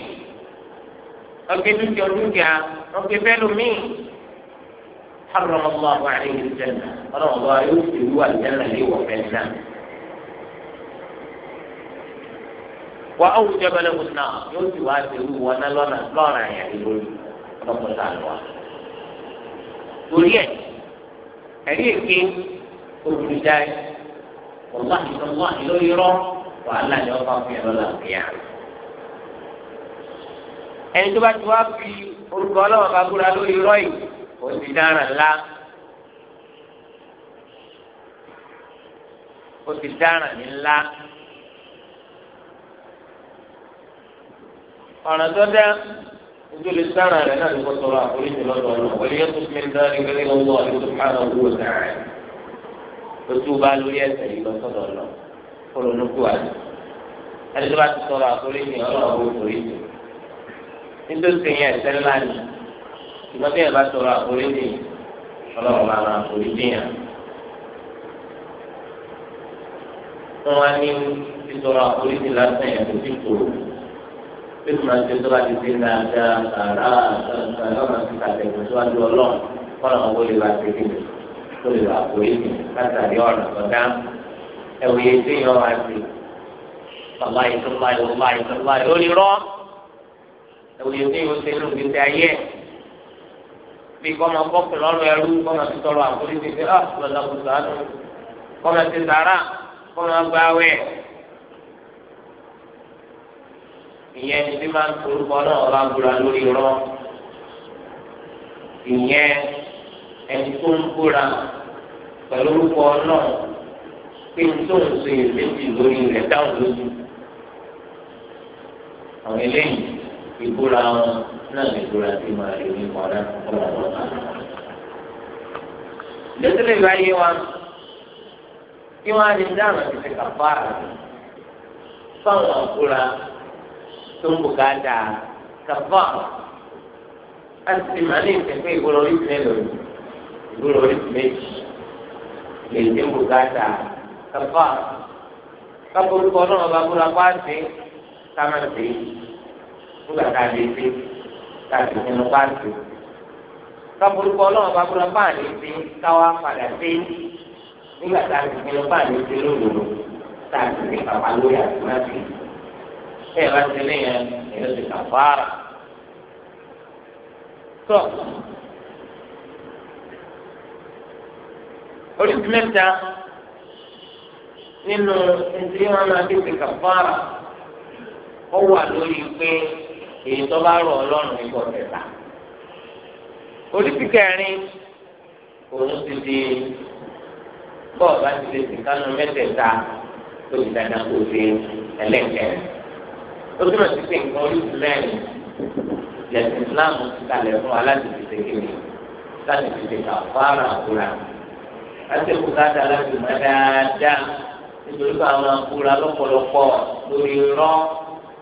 wọ́n gbé dúkìá dúkìá wọ́n gbé fẹ́ lómìn. حرم الله عليه الجنة أنا الله يوفي هو الجنة لي وفينا وأوجب له النار يوفي وافي هو أنا لنا لنا يعني يقول رب تعالى torí ẹ ẹ̀rí èké olùdíjà ẹ̀ ọ̀gbà ìdánwò lórí rọ wàhálà ni wọ́n bá fi ẹ̀rọ là kíá. ẹni tó bá ti wá fi orúkọ ọlọ́wọ́n bá búra lórí rọ yìí ó ti dára ńlá. ó ti dára ní ńlá. ọ̀ràn tó dá ojú lè sára rẹ̀ náà lóko sọ̀rọ̀ àforíjì lọ́dọ̀ ọ̀nà wọlé yẹn tó fi ń dá ní gẹ́gẹ́ lọ́wọ́ àdúgbò máa wú ọ̀dà rẹ̀ ojú bá lórí ẹsẹ̀ yìí lọ sọ̀dọ̀ ọ̀nà kọlọ̀ lóko àdé ẹni bá ti sọ̀rọ̀ àforíjì ọlọ́run wò foríjì nítorí yẹn ẹsẹ̀ ńlá ni ṣùgbọ́n bí ẹ bá sọ̀rọ̀ àforíjì ọlọ́run máa ra àforíjì yẹn wọn á ní sísọ̀rọ̀ àforíjì lásán yẹn kò sí tòrò bí tí màá ṣe tó bá ti ṣe dáadáa sàrà sàrà ti ṣàtẹ̀kùn síwájú ọlọ́run kọ́nà owó lè wá sí kíni tó lè wà kó yé mi látàrí ọ̀nà ọ̀dá ẹ̀wù yẹn tí yẹn wá sí bàbá yìí tó báyìí wọ́n báyìí tó báyìí ó lè rọ́ ẹ̀wù yẹn tí yẹn ó ṣe ló fi ṣe ayé bí kọ́mọ kọ́kù lọ́rùn ẹrú kọ́mọ ti tọrọ àforíjì fi ọ́ lọ́dọ̀ ìyẹn ni bí máa ń torúkọ náà bá gbúra lórí rọ ìyẹn ẹni tó ń gbúra pẹ̀lú orúkọ náà pé n tó ń so ìrètí lórí rẹ̀ dáhùn lójú àwọn eléyìí ìbúra wọn náà lè gbúra sí máa rí orí kan náà ọlọ́wọ́ lẹ́tọ́lẹ́ ìbáyé wa kí wọ́n á lè dáhùn àti ṣe kàfáàrà fáwọn àbúra tó ń bùkátà kàfà láti máa ní ìpínpín ìgboro oríṣi mélòó ìgboro oríṣi méjì lè dé bùkátà kàfà kápolúkọ náà bá búra pàṣẹ kámẹ́sì nígbà tá a lè dé láti nínú pàṣẹ kápolúkọ náà bá búra pàṣẹ káwá padà dé nígbà tá a lè dé lọ́pàá lè dé lóòrò tá a lè dé pàpà lórí àtúnáṣe ẹ bá ti lé yẹn ẹ ti kà fara tó oríṣi mẹ́ta nínú ẹtí wọn máa fi ti kà fara ó wà lórí pé èyí tó bá rọ Ọlọ́run nígbà tẹta oríṣi kẹrin òun ti di bọ́ọ̀ bá ti lè sìnkánú mẹ́tẹ̀ẹ̀ta tó ti dáná kó o ṣe ẹlẹ́kẹ̀ẹ́ ó túmọ̀ sí pé nǹkan oríṣi mẹ́rin lẹ́sìn Islam ti kalẹ̀ fún wa láti fi ṣèké mi láti fi ṣèké àfárá àkúrà láti kú káta láti mọ dáadáa nítorí pé àwọn àkúrà lọ́pọ̀lọpọ̀ lórí rán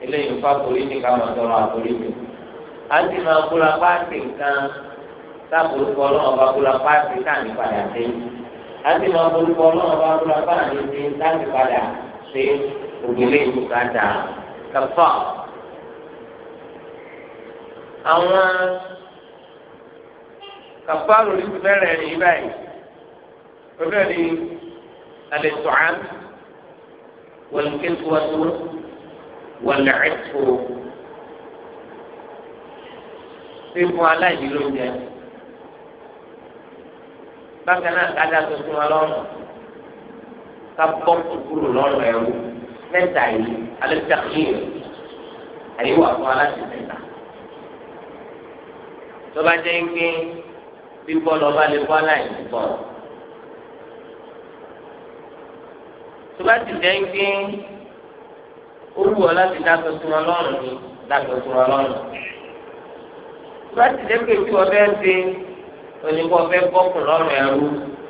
eléyìí ń fa polisi ká máa tọrọ àforíjì á sì máa kúra páàkì nǹkan sáàpolúkọ ọlọ́run ọba kúra páàkì káàní padà dé á sì máa polúkọ ọlọ́run ọba kúra páàkì káàní padà dé ògbélé ìlú káàdà kàlùfà àwọn kàfàrò ní ti bẹ̀rẹ̀ ní báyìí pẹ̀lú ní alẹ́ tọ́án wọ̀lùkẹ́tùwọ́tù wọ̀lùcẹ́tù fífún aláìní ló ń jẹ bákan náà kájà tuntun wa lọ́rùn ká bọ́ kúrò lọ́rùn ẹ̀rú mẹ́ta yìí alẹ́tàkìyè àyè wà fún aláṣẹ mẹ́ta. tó bá jẹ́ pé bíbọ́ lọ́ba lè wá láì bọ̀. tó bá ti jẹ́ pé ó wù ọ́ láti dákọ̀ sí wọn lọ́rùn ni dákọ̀ sí wọn lọ́rùn. tó bá ti jẹ́ pé tí wọ́n fẹ́ ṣe onígbọ́ fẹ́ bọ́kùn lọ́rùn ẹrú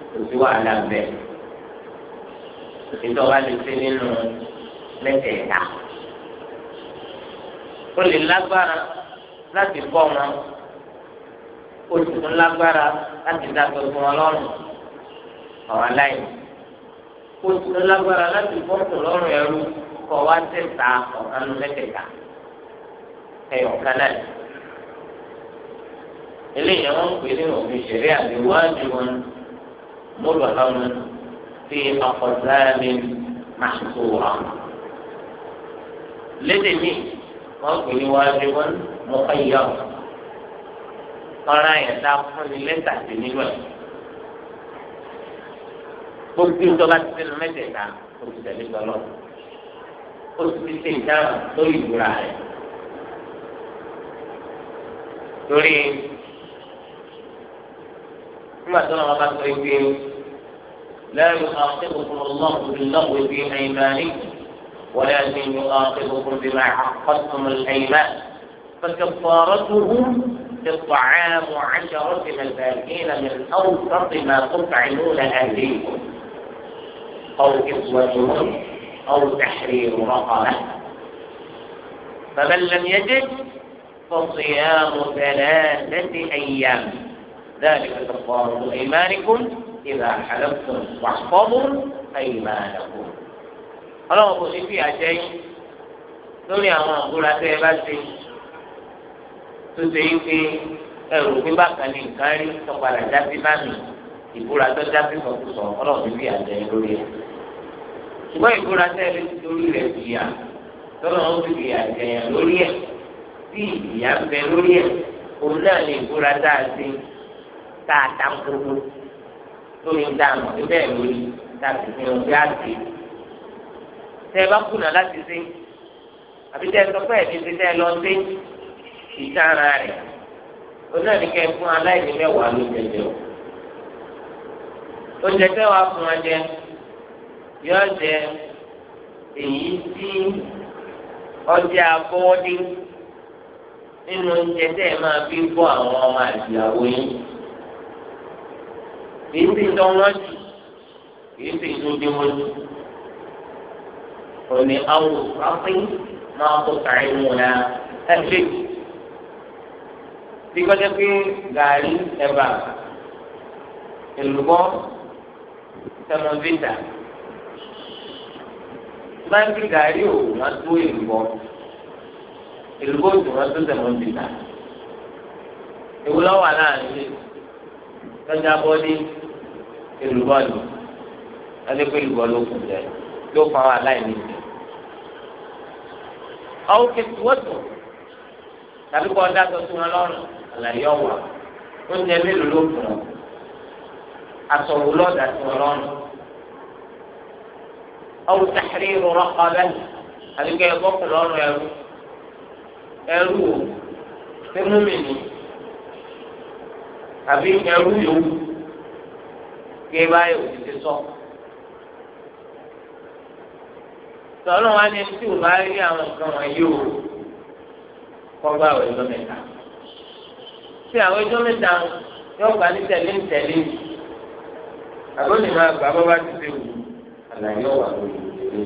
kò sí wàhálà ìjọba lè ṣe nínú lẹ́tẹ̀ẹ̀ta o lè lágbára láti kọ́ wọn o sì tún lágbára láti dàgbẹ́ fún wọn lọ́rùn ọ̀rọ̀ aláìní o sì tún lágbára láti bọ́ọ̀kùn lọ́rùn ẹrú kọ́ wá tẹ̀ta ọ̀kanu lẹ́tẹ̀ẹ̀ta ẹ̀yọ̀ kanáà eléyìí wọn pè ní òfin ṣẹlẹ̀ àdéhùwájú wọn mọlọlọrun fi ọkọ sáà mi máa tó lédè wọn pè ní wájú wọn mọ ayọ ọ̀ràn yẹn dá fún ni lẹ́tà sí nínú ẹ̀ gbogbo ìjọba ti sẹ́nu mẹ́tẹ̀ẹ̀ta oṣù tẹ̀lé tọ́lọ́ oṣù ti ṣe ìdáhùn lórí ìwúra rẹ̀ torí nígbà tó wọn bá sọ ìgbé lẹ́yìn àwọn akẹ́kọ̀ọ́ fún ọlọ́run lọ́wọ́ ìgbé ẹ̀yìn bá rí. ولكن يؤاخذكم بما عقدتم الأيمان فكفارته إطعام عشرة مساكين من أوسط ما تطعمون أهليكم أو كسوتهم أو تحرير رقبة فمن لم يجد فصيام ثلاثة أيام ذلك كفارة إيمانكم إذا حلفتم واحفظوا أيمانكم ọlọ́run kò ní fìyà jẹ yín lórí àwọn àbúrò tẹ ẹ bá ṣe tó ṣe yín pé ẹrù pé bákan ní nǹkan rí tọpadà jáde bá mi ìbúra tó jáde sọkúsọ ọlọ́run ní fìyà jẹ yín lórí ẹ ṣùgbọ́n ìbúra tẹ ẹ lórí rẹ fìyà tọ́lọ́run ti fìyà jẹ yín lórí ẹ tí ìyá ń bẹ lórí ẹ òun náà ní ìbúra tá a ṣe tá kúrú lórí dáhùn níbẹ̀ lórí tẹ ẹ bá kùnà láti ṣe àbí tẹ ẹ sọ pé ẹbí ti tẹ ẹ lọ sí ìtara rẹ onáàdìkẹ fún aláìní mẹ́wàá ló jẹjẹ o oúnjẹ tẹ wàá fún wa jẹ yóò jẹ èyí tí ọjà bọ́ọ̀dì nínú oúnjẹ tẹ ẹ máa fi bọ́ àwọn ọmọ àdìyàwó yín èyí tí ń dán wọ́n jù èyí tí ń dún dín wọ́n jù òní awò rápín máa kó sàáyé mu ya ẹgbẹ́ bí kọjá pé gàrí ẹ̀bà èlùbọ́ sẹmọ́vítà báńkì gàrí ò wọ́n tó èlùbọ́ èlùbọ́ ò wọ́n tó sẹmọ́vítà ìwúlọ́ wà láàrin lọ́jà bọ́dí èlùbọ́ ni adékòlùbọ́ ló kù jẹ yóò fún àwọn aláìní jẹ àwọn kẹsì wọ́tò tàbí kọ́ ọ̀dà tó tún wọn lọ́rùn àlàyé ọ̀wà oúnjẹ mélòó ló fún ọ àsọ̀wò lọ́dà tó wọn lọ́rùn ọ̀rùn tàxírí rọrọ̀ ọ̀bẹ àbí kẹ́ ẹ bọ́kùn lọ́rùn ẹrú o ṣé múmi ni àbí ẹrú yòówù kí ẹ báyìí òtítí sọ. So. tọ́lọ́ wa ni tí o bá rí àwọn nǹkan wọ̀nyí o kọ́ bá àwọn ẹjọ́ mẹ́ta tí àwọn ẹjọ́ mẹ́ta yóò gbà ní tẹ̀lé ní tẹ̀lé ní àbọ̀lì máa gbà bọ́ bá ti ṣe wù àlàyé ọ̀wà lórí ìdílé.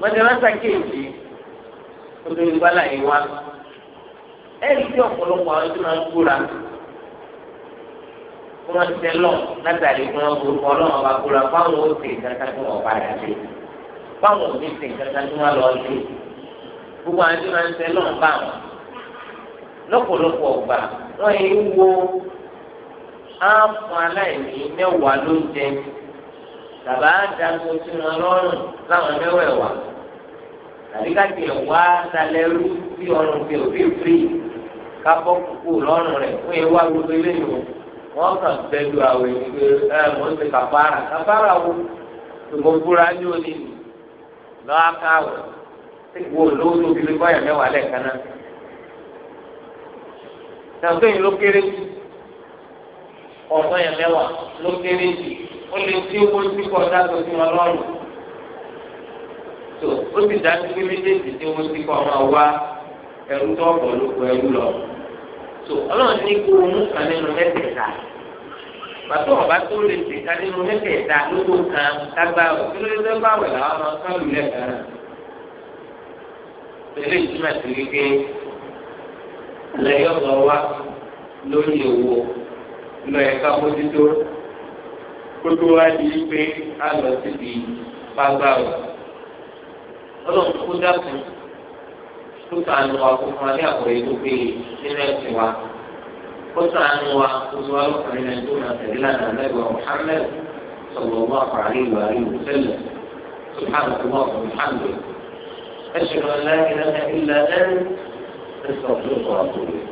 mọ̀tẹ́rọ́sà kéèjì olórí gbálà yìí wá ẹ̀rí tí ọ̀pọ̀lọpọ̀ àwọn ẹjọ́ máa ń kóra kí wọ́n ṣe lọ látàrí kí wọ́n gbogbo ọlọ́run bá kúra fáwọn òsè kankan tí wọ́n padà ṣe fáwọn òbí ṣe kankan tí wọ́n lọ ṣe gbogbo àwọn tí wọ́n ń ṣe lọ́n bá wọn lọ́pọ̀lọpọ̀ ọgbà wọ́n yìí wo áàfù aláìní mẹ́wàá ló ń jẹ bàbá àdàgbò tí wọ́n lọ́rùn láwọn mẹ́wẹ̀ẹ̀wà tàbí ká tiẹ̀ wá talẹ́rú ọrùn fi òbí firi ká bọ́ kúkú lọ́rùn rẹ̀ fún ewa gbogbo eléyìí wọ́n kàn bẹ́ẹ̀ lu àwẹ̀ ní pé ẹ mọ̀ ń ṣe kàfàrà kàfàrà wo ìbò búra ní òní lọ́wọ́ káwẹ̀ wo lówó tó fi lè bọ́yà mẹ́wàá lẹ́ẹ̀kan náà. Ṣàǹkéyìn ló kéré jù ọ̀gbọ́n yẹn mẹ́wàá ló kéré jù ó lè tí owó tí kò dáàbò sí wọn lọ́rùn. Tó o ti dájú pé méjèèjì tí owó tí kò máa wá ẹrú tó ọ̀pọ̀ ló kọ ẹrú lọ tó ọlọ́run ní kó o mú kan nínú mẹ́tẹ̀ẹ̀ta pàtó ọba tó lè ṣe kan nínú mẹ́tẹ̀ẹ̀ta lóko kan lágbára kí ló dé bá wẹ̀ làwọn máa ká lù lẹ́ẹ̀kan náà pẹ̀lú ìtumọ̀ sí wípé lẹ́yìn ọ̀gá wa lórí owó lọ ẹ̀ka mójútó kótó wá di wípé a lọ síbi pàgbà ọlọ́run kó dákun. tó sànù wa kó fún wa ní àkọlé tó gbé nínú ẹ̀sìn wa kó sànù wa kó sọ wa lọ́kùnrin náà tó nà tẹ̀lé lánàá lẹ́gbẹ̀ẹ́ Muhammad sọ̀rọ̀ wa fàáyé wà ní ìwòsẹ́lẹ̀ سبحانك اللهم وبحمدك أشهد أن لا إله إلا أنت أستغفرك وأتوب إليك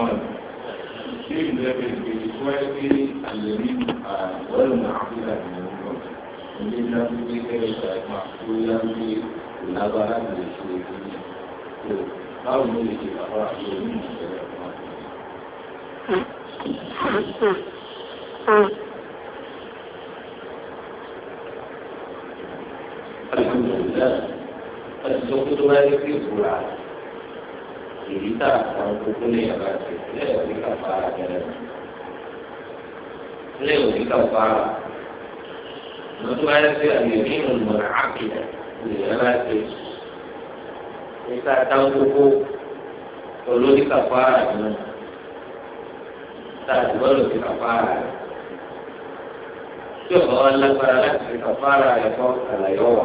Thank you. شيء ده بالنسبه لي الذي غير معقول اللي لم يكن معقولا بنظرا للشيء أو ملك الأراء من الحمد لله الزوج ما يكفي العالم èyí tá àwọn kókó lè yàrá ṣe lẹ́yìn òní kàfàrà bẹ̀rẹ̀ lẹ́yìn òní kàfàrà lọ́dún wáyé sí àyèmí ìmọ̀nà àkìlẹ̀ lè yàrá ṣe níta táwọn kókó olórí kàfàrà náà tá a ti wọ́n lò rẹ̀ tí ọ̀gá wa lágbára láti fi kàfàrà rẹ̀ kọ́ àlàyé wà.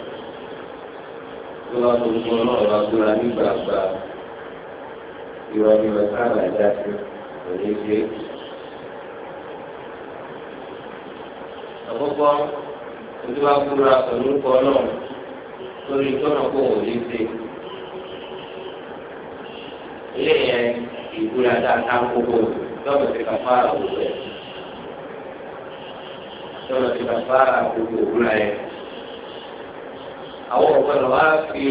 tó wá gbogbo náà wá gbóra nígbàgbà ìrọ̀lẹ́ ọ̀sán àlàjá sí òní ṣe. àkọ́kọ́ ojú wa gbóra pẹ̀lú kọ́ náà lórí tọ́nà kó wò ní ṣe. ilé yẹn ìgbóra dáadáa kókó lọ́wọ́ ti ka fara òwúrọ̀ yẹn. lọ́wọ́ ti ka fara òwúrọ̀ yẹn àwọn ọ̀gbọ́n wa fi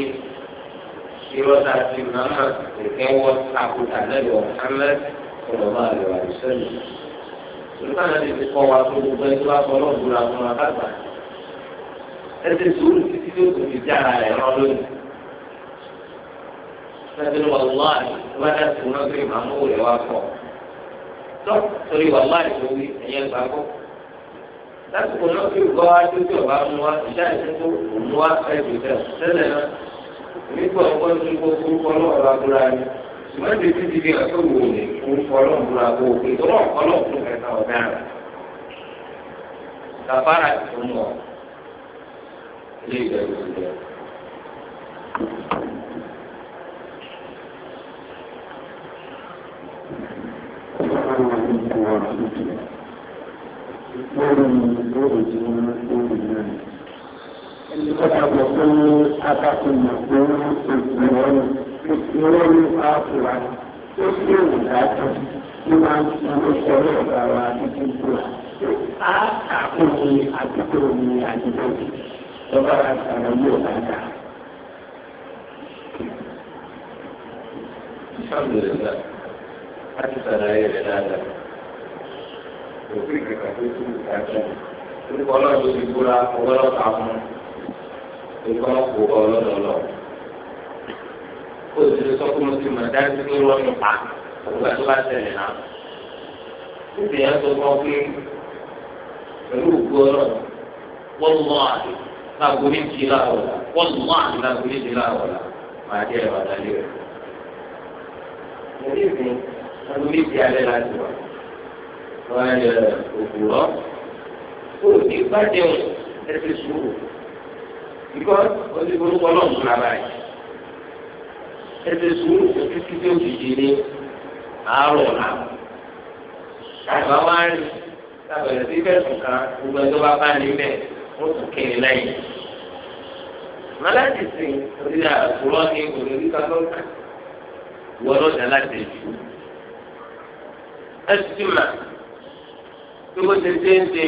ìrọ̀dà sí màmá nìkẹ́ wọ́n àkùtà lẹ́yìn ọ̀hánlẹ́ ọ̀rọ̀mọ́ àlèwà ìṣẹ́lẹ̀. Olùkọ́ náà ti fi kọ́ wa tó gbogbo ẹni wá sọ lọ́ọ̀dù ra fún wa bàbà. Ẹ ti sùúrù títí tó kù fi já ara rẹ̀ rán lónìí. Sẹ́dúrú wàlúwàlì wá dá sí mọ́gírì màmú rẹ̀ wá kọ̀. Tọ́ torí wàlúwàlì tó wí ẹ̀yẹ́ gbàgbọ́ láti kò náà kí ìgbọ́ wájú tí ọba mú wa ìjà ìṣẹ́kù mú wa ẹ̀bùn tẹ̀ tẹ́lẹ̀ náà nígbà ọgbọ́n tó gbogbo kọ́lọ́ ọ̀la búra ni ṣùgbọ́n ti ti di bí ọ̀tọ́ wò ní orúkọ ọlọ́run búra kó o pé tọ́lọ́ ọ̀kọ́lọ́ fún ẹ̀ka ọ̀gá rẹ̀ kàfàrà tó mọ̀ ilé ìbẹ̀rù ìbẹ̀rù. Thank you lórí lórí tí wọ́n lórí náà. ẹni tó gbọ́ pé akápẹ́yìn pé ìgbìmọ̀ ìgbìmọ̀ ní àkùrà tó sì ń dájọ́ ní máa ń fi oṣù wa títí gbọ́. a kàkùnrin àdúgbò ní àdúgbò lọ́ba àtàwọn yóò dáadáa. الحمد لله حتى لا يعلم òfin ìgbà tó tún ìdájọ́ orúkọ ọlọ́run ló ti gbóra ọgọ́lọ́ta fún orúkọ ọkọ̀ ọlọ́dọ̀ lọ. ó ti lè sọ fún mi sí mi dájú pé wọ́n ń pa òkúta tó bá tẹ̀lé náà. ó ti yẹn sọ fún ọ pé pẹ̀lú òkú ọlọ́run wọ́n mọ àdé láàbò méjì láàwọ̀ wọ́n mọ àdé láàbò méjì láàwọ̀ là máa jẹ́ ìwà dalẹ́ rẹ̀. mo ní ìsìn ọdún méjì alẹ́ láti wà wọn yẹ òkúrọ kó o ti bá dẹun ẹsẹ sùúrù bíkọ olùkọ lọ́nù la báyìí ẹsẹ sùúrù títí tó fi di ní àárọ̀ la àgbà wa ń sàbẹ̀rẹ̀ sí fẹ̀sùn kan gbogbo ẹjọ́ bá bá níbẹ̀ wọ́n tún kéde lẹ́yìn maladi si orí àkùrọ̀ ní òròrí kakọ́ka wọ́n lọ́jà láti ẹ̀jú ẹ̀sùn mà bí kò ṣe ṣe ń ṣe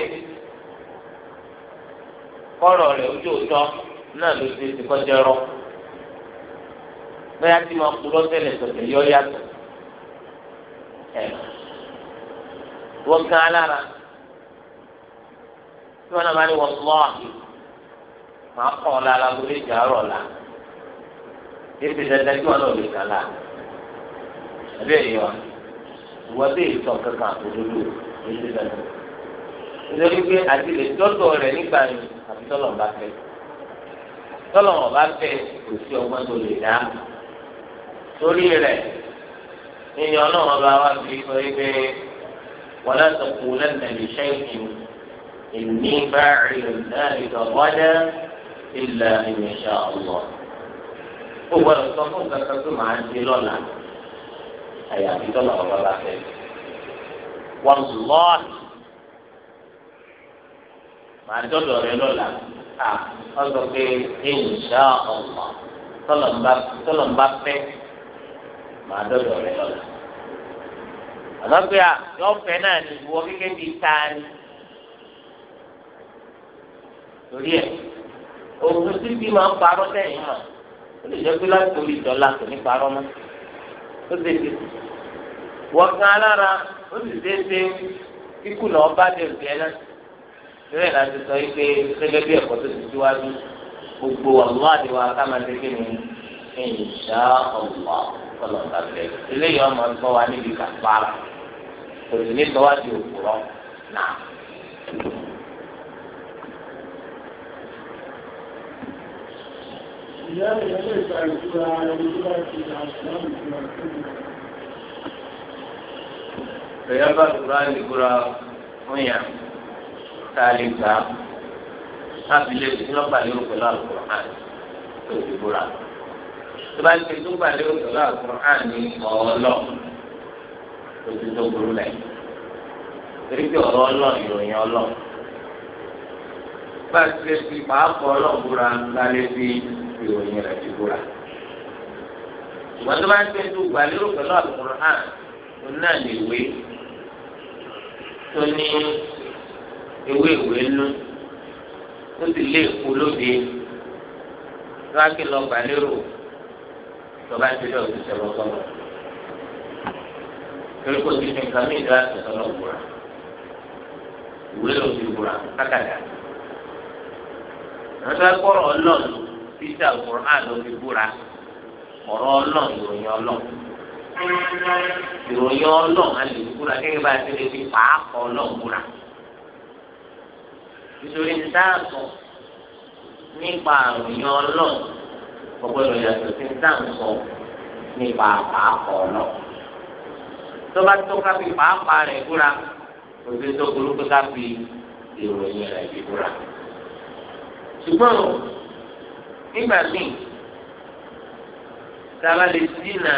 kọ́rọ̀ rẹ̀ ojú òótọ́ náà ló ṣe ti kọjá rọ bóyá tí mo kú lọ́tẹ̀lẹ̀ tọ̀tẹ̀ yọ yàtọ̀ ẹ̀ wọ́n kan alára tí wọ́n náà bá ní wọ́n lọ́ọ̀ máa kọ́ ọ lára lórí ìjà rọ̀ la ebi dandan kí wọ́n náà lè kà la ẹ̀bẹ̀ yìí wọ́n ìwọ bí ìtọ̀ kankan àtòdodo èyí lẹ́nu nítorí pé àti lè tọ́tọ̀ rẹ̀ nígbà yìí àti tọ́lọ̀ ń bá fẹ́ tọ́lọ̀ ń bá fẹ́ kò sí ọgbọ́n tó lè dá torí rẹ̀ nínú ọlọ́run bá wá sí sọ pé wọ́n á sọ kó lẹ́nu lè ṣe ìkìlì ìní bá rí náà ìdọ̀gbọ́dá ìlà ìmẹ̀ṣà ọ̀gbọ́n. ó gbọ́dọ̀ sọ fún kankan tó máa ń di lọ́la àyàfi tọ́lọ̀ ọ̀gá bá fẹ́. wọ́n lọ́ọ̀nì màá dọ́dọ̀ rẹ lọ́la à wọ́n sọ pé ẹ̀yìn ṣá ọ̀mọ̀ tọ́lọ̀ ń bá fẹ́ màá dọ́dọ̀ rẹ lọ́la. àmọ́ pé à yọ fẹ́ náà ní ìwọ gẹ́gẹ́ bíi tani. torí ẹ̀ òkú síbi máa ń parọ́ sẹ́yìn mọ̀ ó lè jẹ́ pé láti orí ìjọ la kò ní parọ́ mọ́ ó sì ṣe wọ̀gán alára ó sì ṣe ṣe kíkù náà bá dẹ̀rù jẹ́ náà bẹ́ẹ̀ la ti sọ pé gẹ́gẹ́ bí ẹ̀kọ́ tó ti síwájú gbogbo àwọn àdéhùn akámadé kí ni ìṣá ọ̀wà ọlọ́ọ̀ta bẹ̀rẹ̀ eléyìí ọmọ ń bọ́ wa níbi kàfàrà kò ní bọ́ wá òkúrọ̀ náà. ìyá ìyá lè gba ìtura ẹni tó bá ti dà ìsìlámù ìtura ìtura. Ìyá bá tura lè gbúra fún yà tá a lè gbà á. Láti lè fi lọ́gbà lérò pẹ̀lú àlùkò hàn tó ti gbúra. Tó bá ti tó gbà lérò pẹ̀lú àlùkò hàn ní ọ̀ọ́lọ́ tó ti tó gbúrú lẹ̀. Torí pé ọ̀rọ̀ ọlọ́ ìròyìn ọlọ́. Bá a ti lè fi pàápọ̀ ọlọ́ọ̀gbúra lálé bíi fi ìròyìn rẹ̀ fi búra. ìwọ́n tó bá ń pín tó gbà lérò pẹ̀lú àlùkùrọ̀ hàn òun náà lè wé tó ní ewé ìwé nú ó sì lé èkó lóde lọ́wọ́kì lọ gbà lérò tó bá ti lé òṣìṣẹ́ lọ́sọ̀rọ̀ torí kò sí nǹkan mí ìdá àtẹ̀sọ́ lọ búra ìwé ló ti búra àwọn tó bá kọ́ ọ̀rọ̀ ọlọ́ọ̀lù títí àwòrán ló fi búra ọ̀rọ̀ ọlọ́run ìròyìn ọlọ́run ìròyìn ọlọ́run a lè búra gẹ́gẹ́ bá a ti lè fi pàápọ̀ ọlọ́run búra nítorí dáàbò nípa ìròyìn ọlọ́run gbogbo ìròyìn àti òfin dáàbò nípa pàápọ̀ ọlọ́run tó bá tó ká fi pàápàá rẹ̀ búra òfin tó burú pé ká fi ìròyìn rẹ̀ fi búra ṣùgbọ́n nígbà míì sábà lè dínà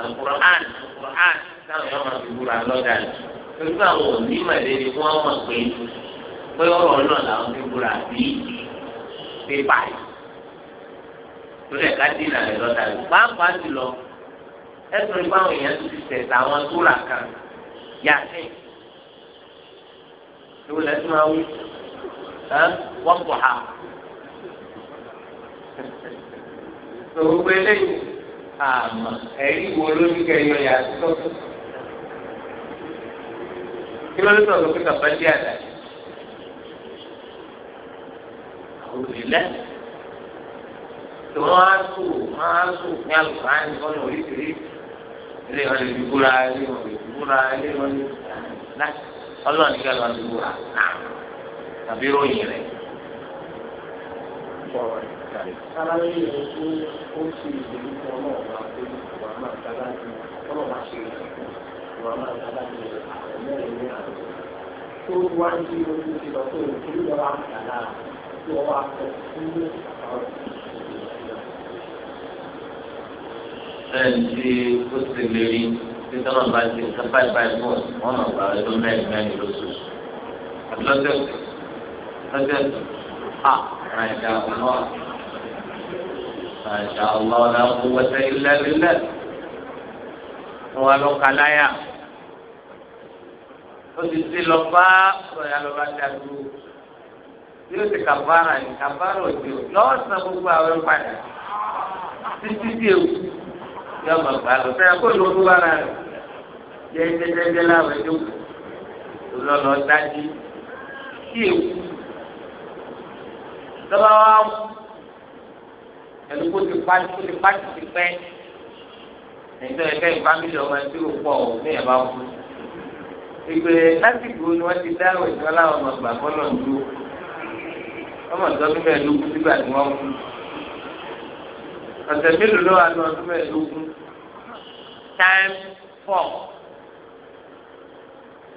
alukur'an alukur'an táwọn yóò máa fi búra lọ́dà yìí torí pé àwọn onímọ̀ ìdẹ́ni fún wọn mọ̀ pé pé ọ̀rọ̀ náà làwọn fi búra bí pépà yìí torí ẹ̀ka dínà rẹ̀ lọ́dà yìí pàápàá jùlọ ẹ̀sùn ìpá àwọn èèyàn ti tẹ̀sẹ̀ àwọn tóra kan yàtẹ̀ ìwòlẹ́sìn máa wí wọ́n pọ̀ ha tó gbogbo eléyìí àmọ́ ẹ̀rí wo ló ní kẹyọ yàtọ̀ tọ́tù kí ló ń sọ̀rọ̀ pé kàfá dé àdá àwọn òrìlẹ̀ tí wọ́n á sù wọ́n á sù ní àlùfáà ní ọ̀nà oríṣiríṣi ilé wọn lè fi búra ilé wọn lè fi búra ilé wọn lè láti ọlọ́run ní kẹ́lọ́ lè náà tàbí ròyìn rẹ̀ sáláyé rẹ̀ tó ó ṣe ìdèlú fún ọmọ ọ̀gá pé ìwà máa ń dára ju ọmọ máa ṣe ìwà máa ń dára ju ẹ̀mẹ́rin ní àná. tó wá ń bí bá ti nǹkan wọn máa gbà ọdún mẹ́rin mẹ́rin lóṣooṣù àti lọ́sẹ̀ lọ́sẹ̀ à ràn ọ̀nà máa ṣe àwọn ọ̀la quwwata illa billah wọn lọ kàláyà ó ti ti lọ bá ọ̀yà lọ bá dàdú bí ó ti kàbára ní kàbára òjò lọ́sàn gbogbo àwọn ẹ̀ padà títí tí ewu yọ ọmọ gbà lọ sẹ́yìn kó ló ń bára rẹ̀ jẹ́jẹ́jẹ́jẹ́ láwọn ẹ̀jọ́ kù lọ́lọ́ dájú tí ewu lọ́ba wa kú ẹni kó ti pa kó ti pa ti pẹ́ ẹ̀ńtọ́ ẹ̀kẹ́ ìfámìlì ọmọ ẹtí ò pọ̀ ò ní ẹ̀bá kú. ìgbè lásìkò ni wọ́n ti dá òjò aláwọ̀ ọmọ gbà kọ́nà ju ọmọ ìtọ́jú mẹ́ẹ̀ẹ́dógún sígbà tí wọ́n kú. ọ̀sẹ̀ mélòó ló wà ní ọdún mẹ́ẹ̀ẹ́dógún times four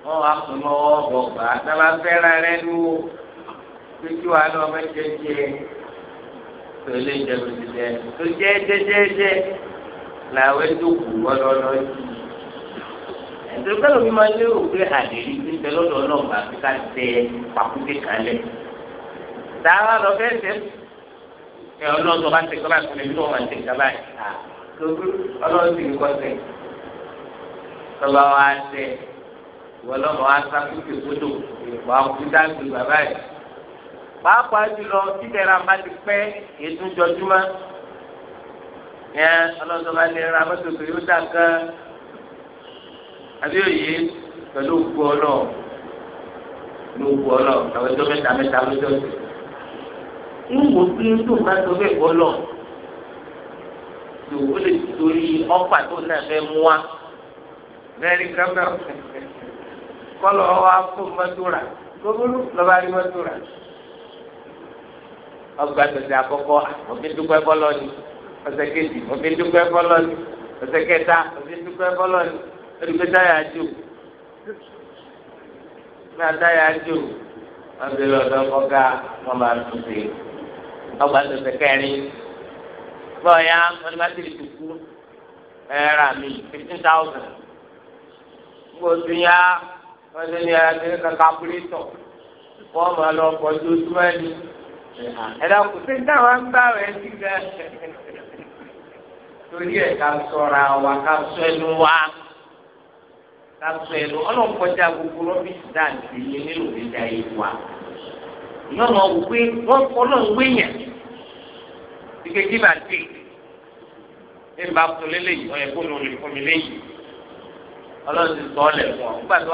wọ́n wá kún lọ́wọ́ ọ̀gbọ̀gbà náà bá fẹ́ràn rẹ̀ ní wo pé kí wàá lọ́ọ́ mẹ́jẹ̀ẹ́jẹ́ tó ilé ìjẹun ti jẹ tó jẹ jẹjẹjẹ làwọn ètò kù lọ́dọọdọ yìí ẹ̀sìn pẹ́lú mi máa lérò pé àdéhìí ti ń bẹ lọ́dọ̀ ọlọ́ọ̀gbà fi ká tẹ pàkúté kalẹ̀ dáhà lọ fẹ́ tẹ ẹ ọlọ́ọ̀tọ̀ bá tẹ kọ́lá ìpínlẹ̀ bí wọ́n máa tẹ kọ́lá ìta lórí ọlọ́ọ̀tì kọ́ tẹ tọ́ba wa tẹ ìwọlọ́mọ wa sá kúkú kótó ìwà kúta gbé bàbá yìí pàápàá jùlọ títẹ̀ra bá ti pẹ́ ètò ìjọjúmọ́ yẹn ọlọ́dún bá lè ra mọ́tò tó yóò dà kan àbíòye pẹ̀lú òkú ọlọ́ pẹ̀lú òkú ọlọ́ àwọn ẹjọ́ mẹ́ta mẹ́ta lọ́jọ́ sí. ń wò pé tó bá tó bẹ́ẹ̀ bọ́ lọ tó o lè torí ọ́pà tó náà fẹ́ mú wa lẹ́rìí kámẹ́rà kọ́lọ́ wa fún mọ́tò rà gbogbo lọ́ba rí mọ́tò rà ọgbà tẹsẹ àkọ́kọ́ òbí dúpẹ́ bọlọ ni ọ̀sẹ̀ kejì òbí dúpẹ́ bọlọ ni ọ̀sẹ̀ kẹta òbí dúpẹ́ bọlọ ni olùgbé táyà jù ní atáyà jù wọn bèrè ọ̀dọ̀ kọgá wọn máa tún sí ọgbà tẹsẹ kẹrin bọyá wọn bá ti dùkú ẹ̀rà mi fifteen thousand gbòòtú ya wọn ti ní ẹ̀rà mi kàkà pílítọ̀ wọn máa lọ ju túmọ̀ ẹ dákun sí táwọn ń bá rẹ sí gẹ torí ẹ ká wa ká ẹnu wa ká ṣọ́ ẹnu Ọlọ́run kọjá gbogbo rọbìsì dáàbì yìí nínú ìdá yìí wa ìyá ọmọ wípé wọn Ọlọ́run wéyàn ike kí bá bá tó kó fún mi léyìí Ọlọ́run ti sọ fún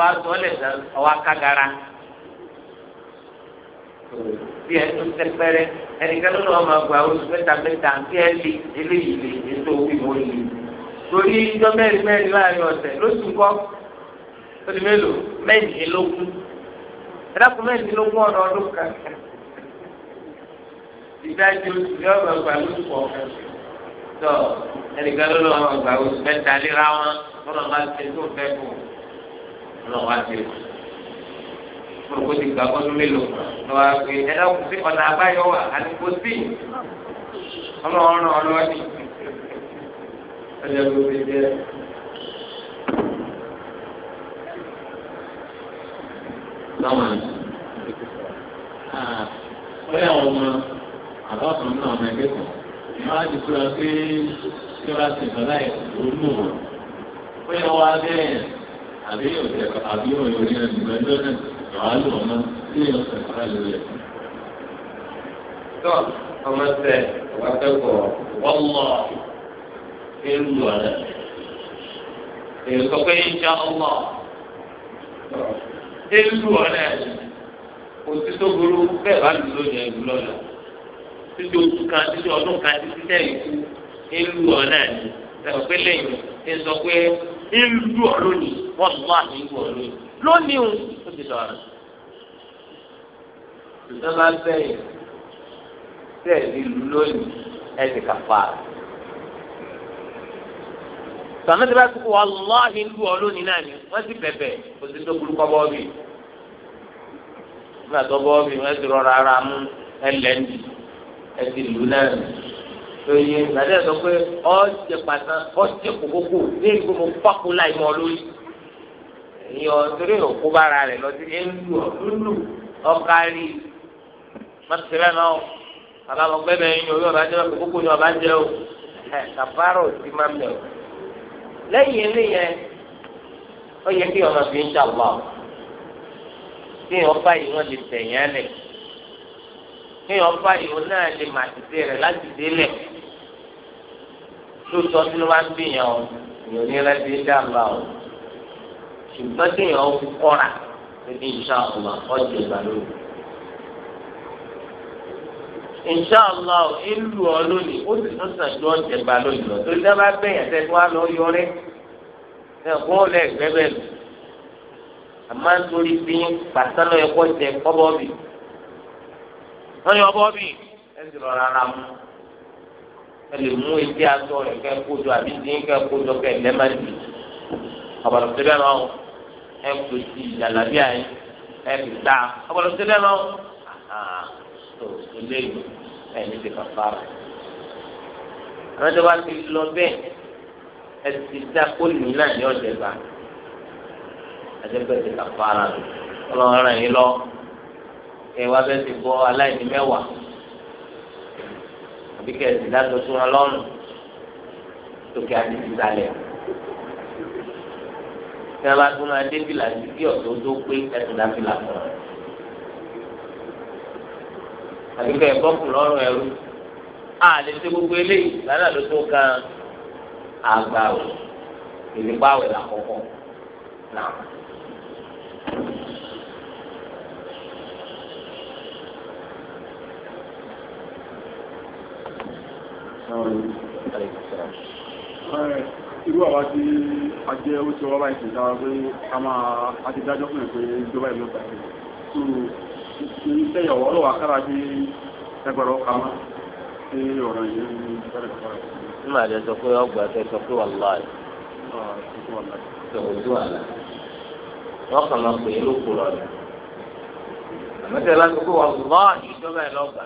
ọ tí ẹ tó tẹpẹrẹ ẹnìkan ló lọ́ọ́ máa gba oṣù mẹ́ta mẹ́ta tí ẹ lè eléyìí lè ètò ìwò lè torí ìjọ mẹ́rin mẹ́rin láàrin ọ̀sẹ̀ lóṣù kọ́ ó di mélòó mẹ́rìndínlógún ẹ dákun mẹ́rìndínlógún ọ̀nà ọdún kan ìdájọ́ ìjọ máa gba lóṣù kọ́ tọ ẹnìkan ló lọ́ọ́ máa gba oṣù mẹ́ta léra wọn lọ́nà máa ṣe tó fẹ́ fún un lọ́nà wá ṣe fún kó ti gbà kọ́dún mélòó kan lọ́wọ́ pé ẹ dákun sí ọ̀nà àbáyọ wà àdúgbò sí ọlọ́run ọlọ́ọ̀ni ẹlẹ́gbẹ́ òbí jẹ́. lọ́wọ́n ọ̀rẹ́ ah, àwọn ọmọ àbáfọ̀n náà ọmọ ẹgbẹ́ kan wọ́n á ti fura pé tí wọ́n á ti sọ láì lónú wọn. ó yẹ wọ́n àbí òṣèlú àbí òyìnbó ní ẹgbẹ́ lọ́nà. àálù ọmọ tí tó ọmọ sẹ wàá kẹ́kọ̀ọ́ wọn mọ ewu ọ̀rẹ́ èyí sọ pé ọmọ ewu ọ̀rẹ́ òtítọ́ burú bẹ́ẹ̀ bá lù lónìí ẹ̀rù lọ́la títí oṣù kan títí ọdún kan títí tẹ̀yìn kú ewu ọ̀rẹ́ ẹ̀ sọ pé lẹ́yìn ewu ọ̀rọ̀ ni wọ́n mú àmì ewu ọ̀rọ̀ yìí. lónìí o ó ti dọ̀rọ̀ ìjọba bá bẹ̀yìn tẹ̀lé lónìí ẹ̀sìn kàfà sọ̀nà tí bá ti kú wàláhì ń lu ọ lónìí náà ni wọ́n ti bẹ̀bẹ̀ kò sí tó burú kọ́ bọ́ọ̀bì nígbà tó bọ́ọ̀bì wọ́n ti rọra ara mú ẹlẹ́ndì ẹ̀sìn lù náà lóye ìgbàdí ẹ̀ sọ pé ọ́ jẹ pàtàkì ọ́ jẹ kókókó ní ìgbìmọ̀ pákó láì mọ́ lórí ìyọ̀ torí òkú bára rẹ̀ lọ sí ẹ̀ńdù ọ̀dúndù ọ̀kárí mọ̀tẹ́lẹ̀ náà bàbá mọ̀ pé bẹ́ẹ̀ ni orí ọba jẹ́ ọ̀pẹ̀ kókó ni ọba jẹ́ o ẹ̀ kàfárọ̀ sí máa ń bẹ̀ o. lẹ́yìn eléyẹn ó yẹ kí ọmọ fi ń jà wá o kí èèyàn báyìí wọ́n lè tẹ̀yìn lẹ̀ kí èèyàn báyìí wọ́n náà lè mà tètè rẹ̀ láti délẹ̀ lóòótọ́ tí ló máa ń bìyàn o ìyọ̀ ní ti ń jà wá o ṣùgbọ́n téèyàn ó kọ́ra níbi ìṣàkùnmá ọjọ́ ìgbàlódé. Inshallah ìlú ọ lónìí ó sì tún sàn ju ọjọ́ ìgbàlódé lọ torí dábàá bẹ̀yàn tẹ́tí wá lọ yọrí ẹ̀kọ́ lẹ́gbẹ́ bẹ́ẹ̀ lọ. àmọ́ nítorí bí pàtàkì ẹ̀kọ́ jẹ kọ́bọ́ bì wọ́n yọ ọbọ̀ bì ẹ̀ sì rọra ra mu ẹ lè mú etí aṣọ rẹ̀ kẹ́ kójọ àbí dín kẹ́ kójọ kẹ́ lẹ́ẹ̀mẹ́rin ọ̀bàlùfẹ́ bẹ́ẹ̀ náà ẹ kò sí ìjàlábíà yìí ẹ kò tá ọgbọ́dọ̀ sí lẹ́nu tó eléyìí ẹ ní ti kàfá rẹ̀. àwọn tó bá ti lọ bẹ́ẹ̀ ẹ ti dá kólì náà ní ọ̀sẹ̀ gbà àdébẹ̀ ti kàfá rẹ̀ ọlọ́run rẹ̀ yín lọ ẹ wá bẹ́ẹ̀ ti bọ́ aláìní mẹ́wàá àbíkẹ́ ẹ̀ dá tó tún tókè àti ti sálẹ̀ tí a bá tún máa dé fìlà sí kí ọ̀tọ̀ tó pé ẹ̀sìn dá fìlà fún ọ. àbíkẹ́ bọ́ọ̀kù lọ́rùn ẹrú a lè ṣe gbogbo eléyìí lánàá ló tó kan àgbà o ìdìbò àwẹ̀ làkọ́kọ́ náà. Thank irú àwa tí a jẹ́ ó ti ọwọ́ báyìí ṣèta pé a máa a ti dájọ́ fún ẹ̀ ìjọba ìlú ọ̀tà tó ní sẹ́yìn ọ̀wọ́ ọlọ́wà kára sí ẹgbẹ̀rún ọkà sí ọ̀rọ̀ ìjọba ìlú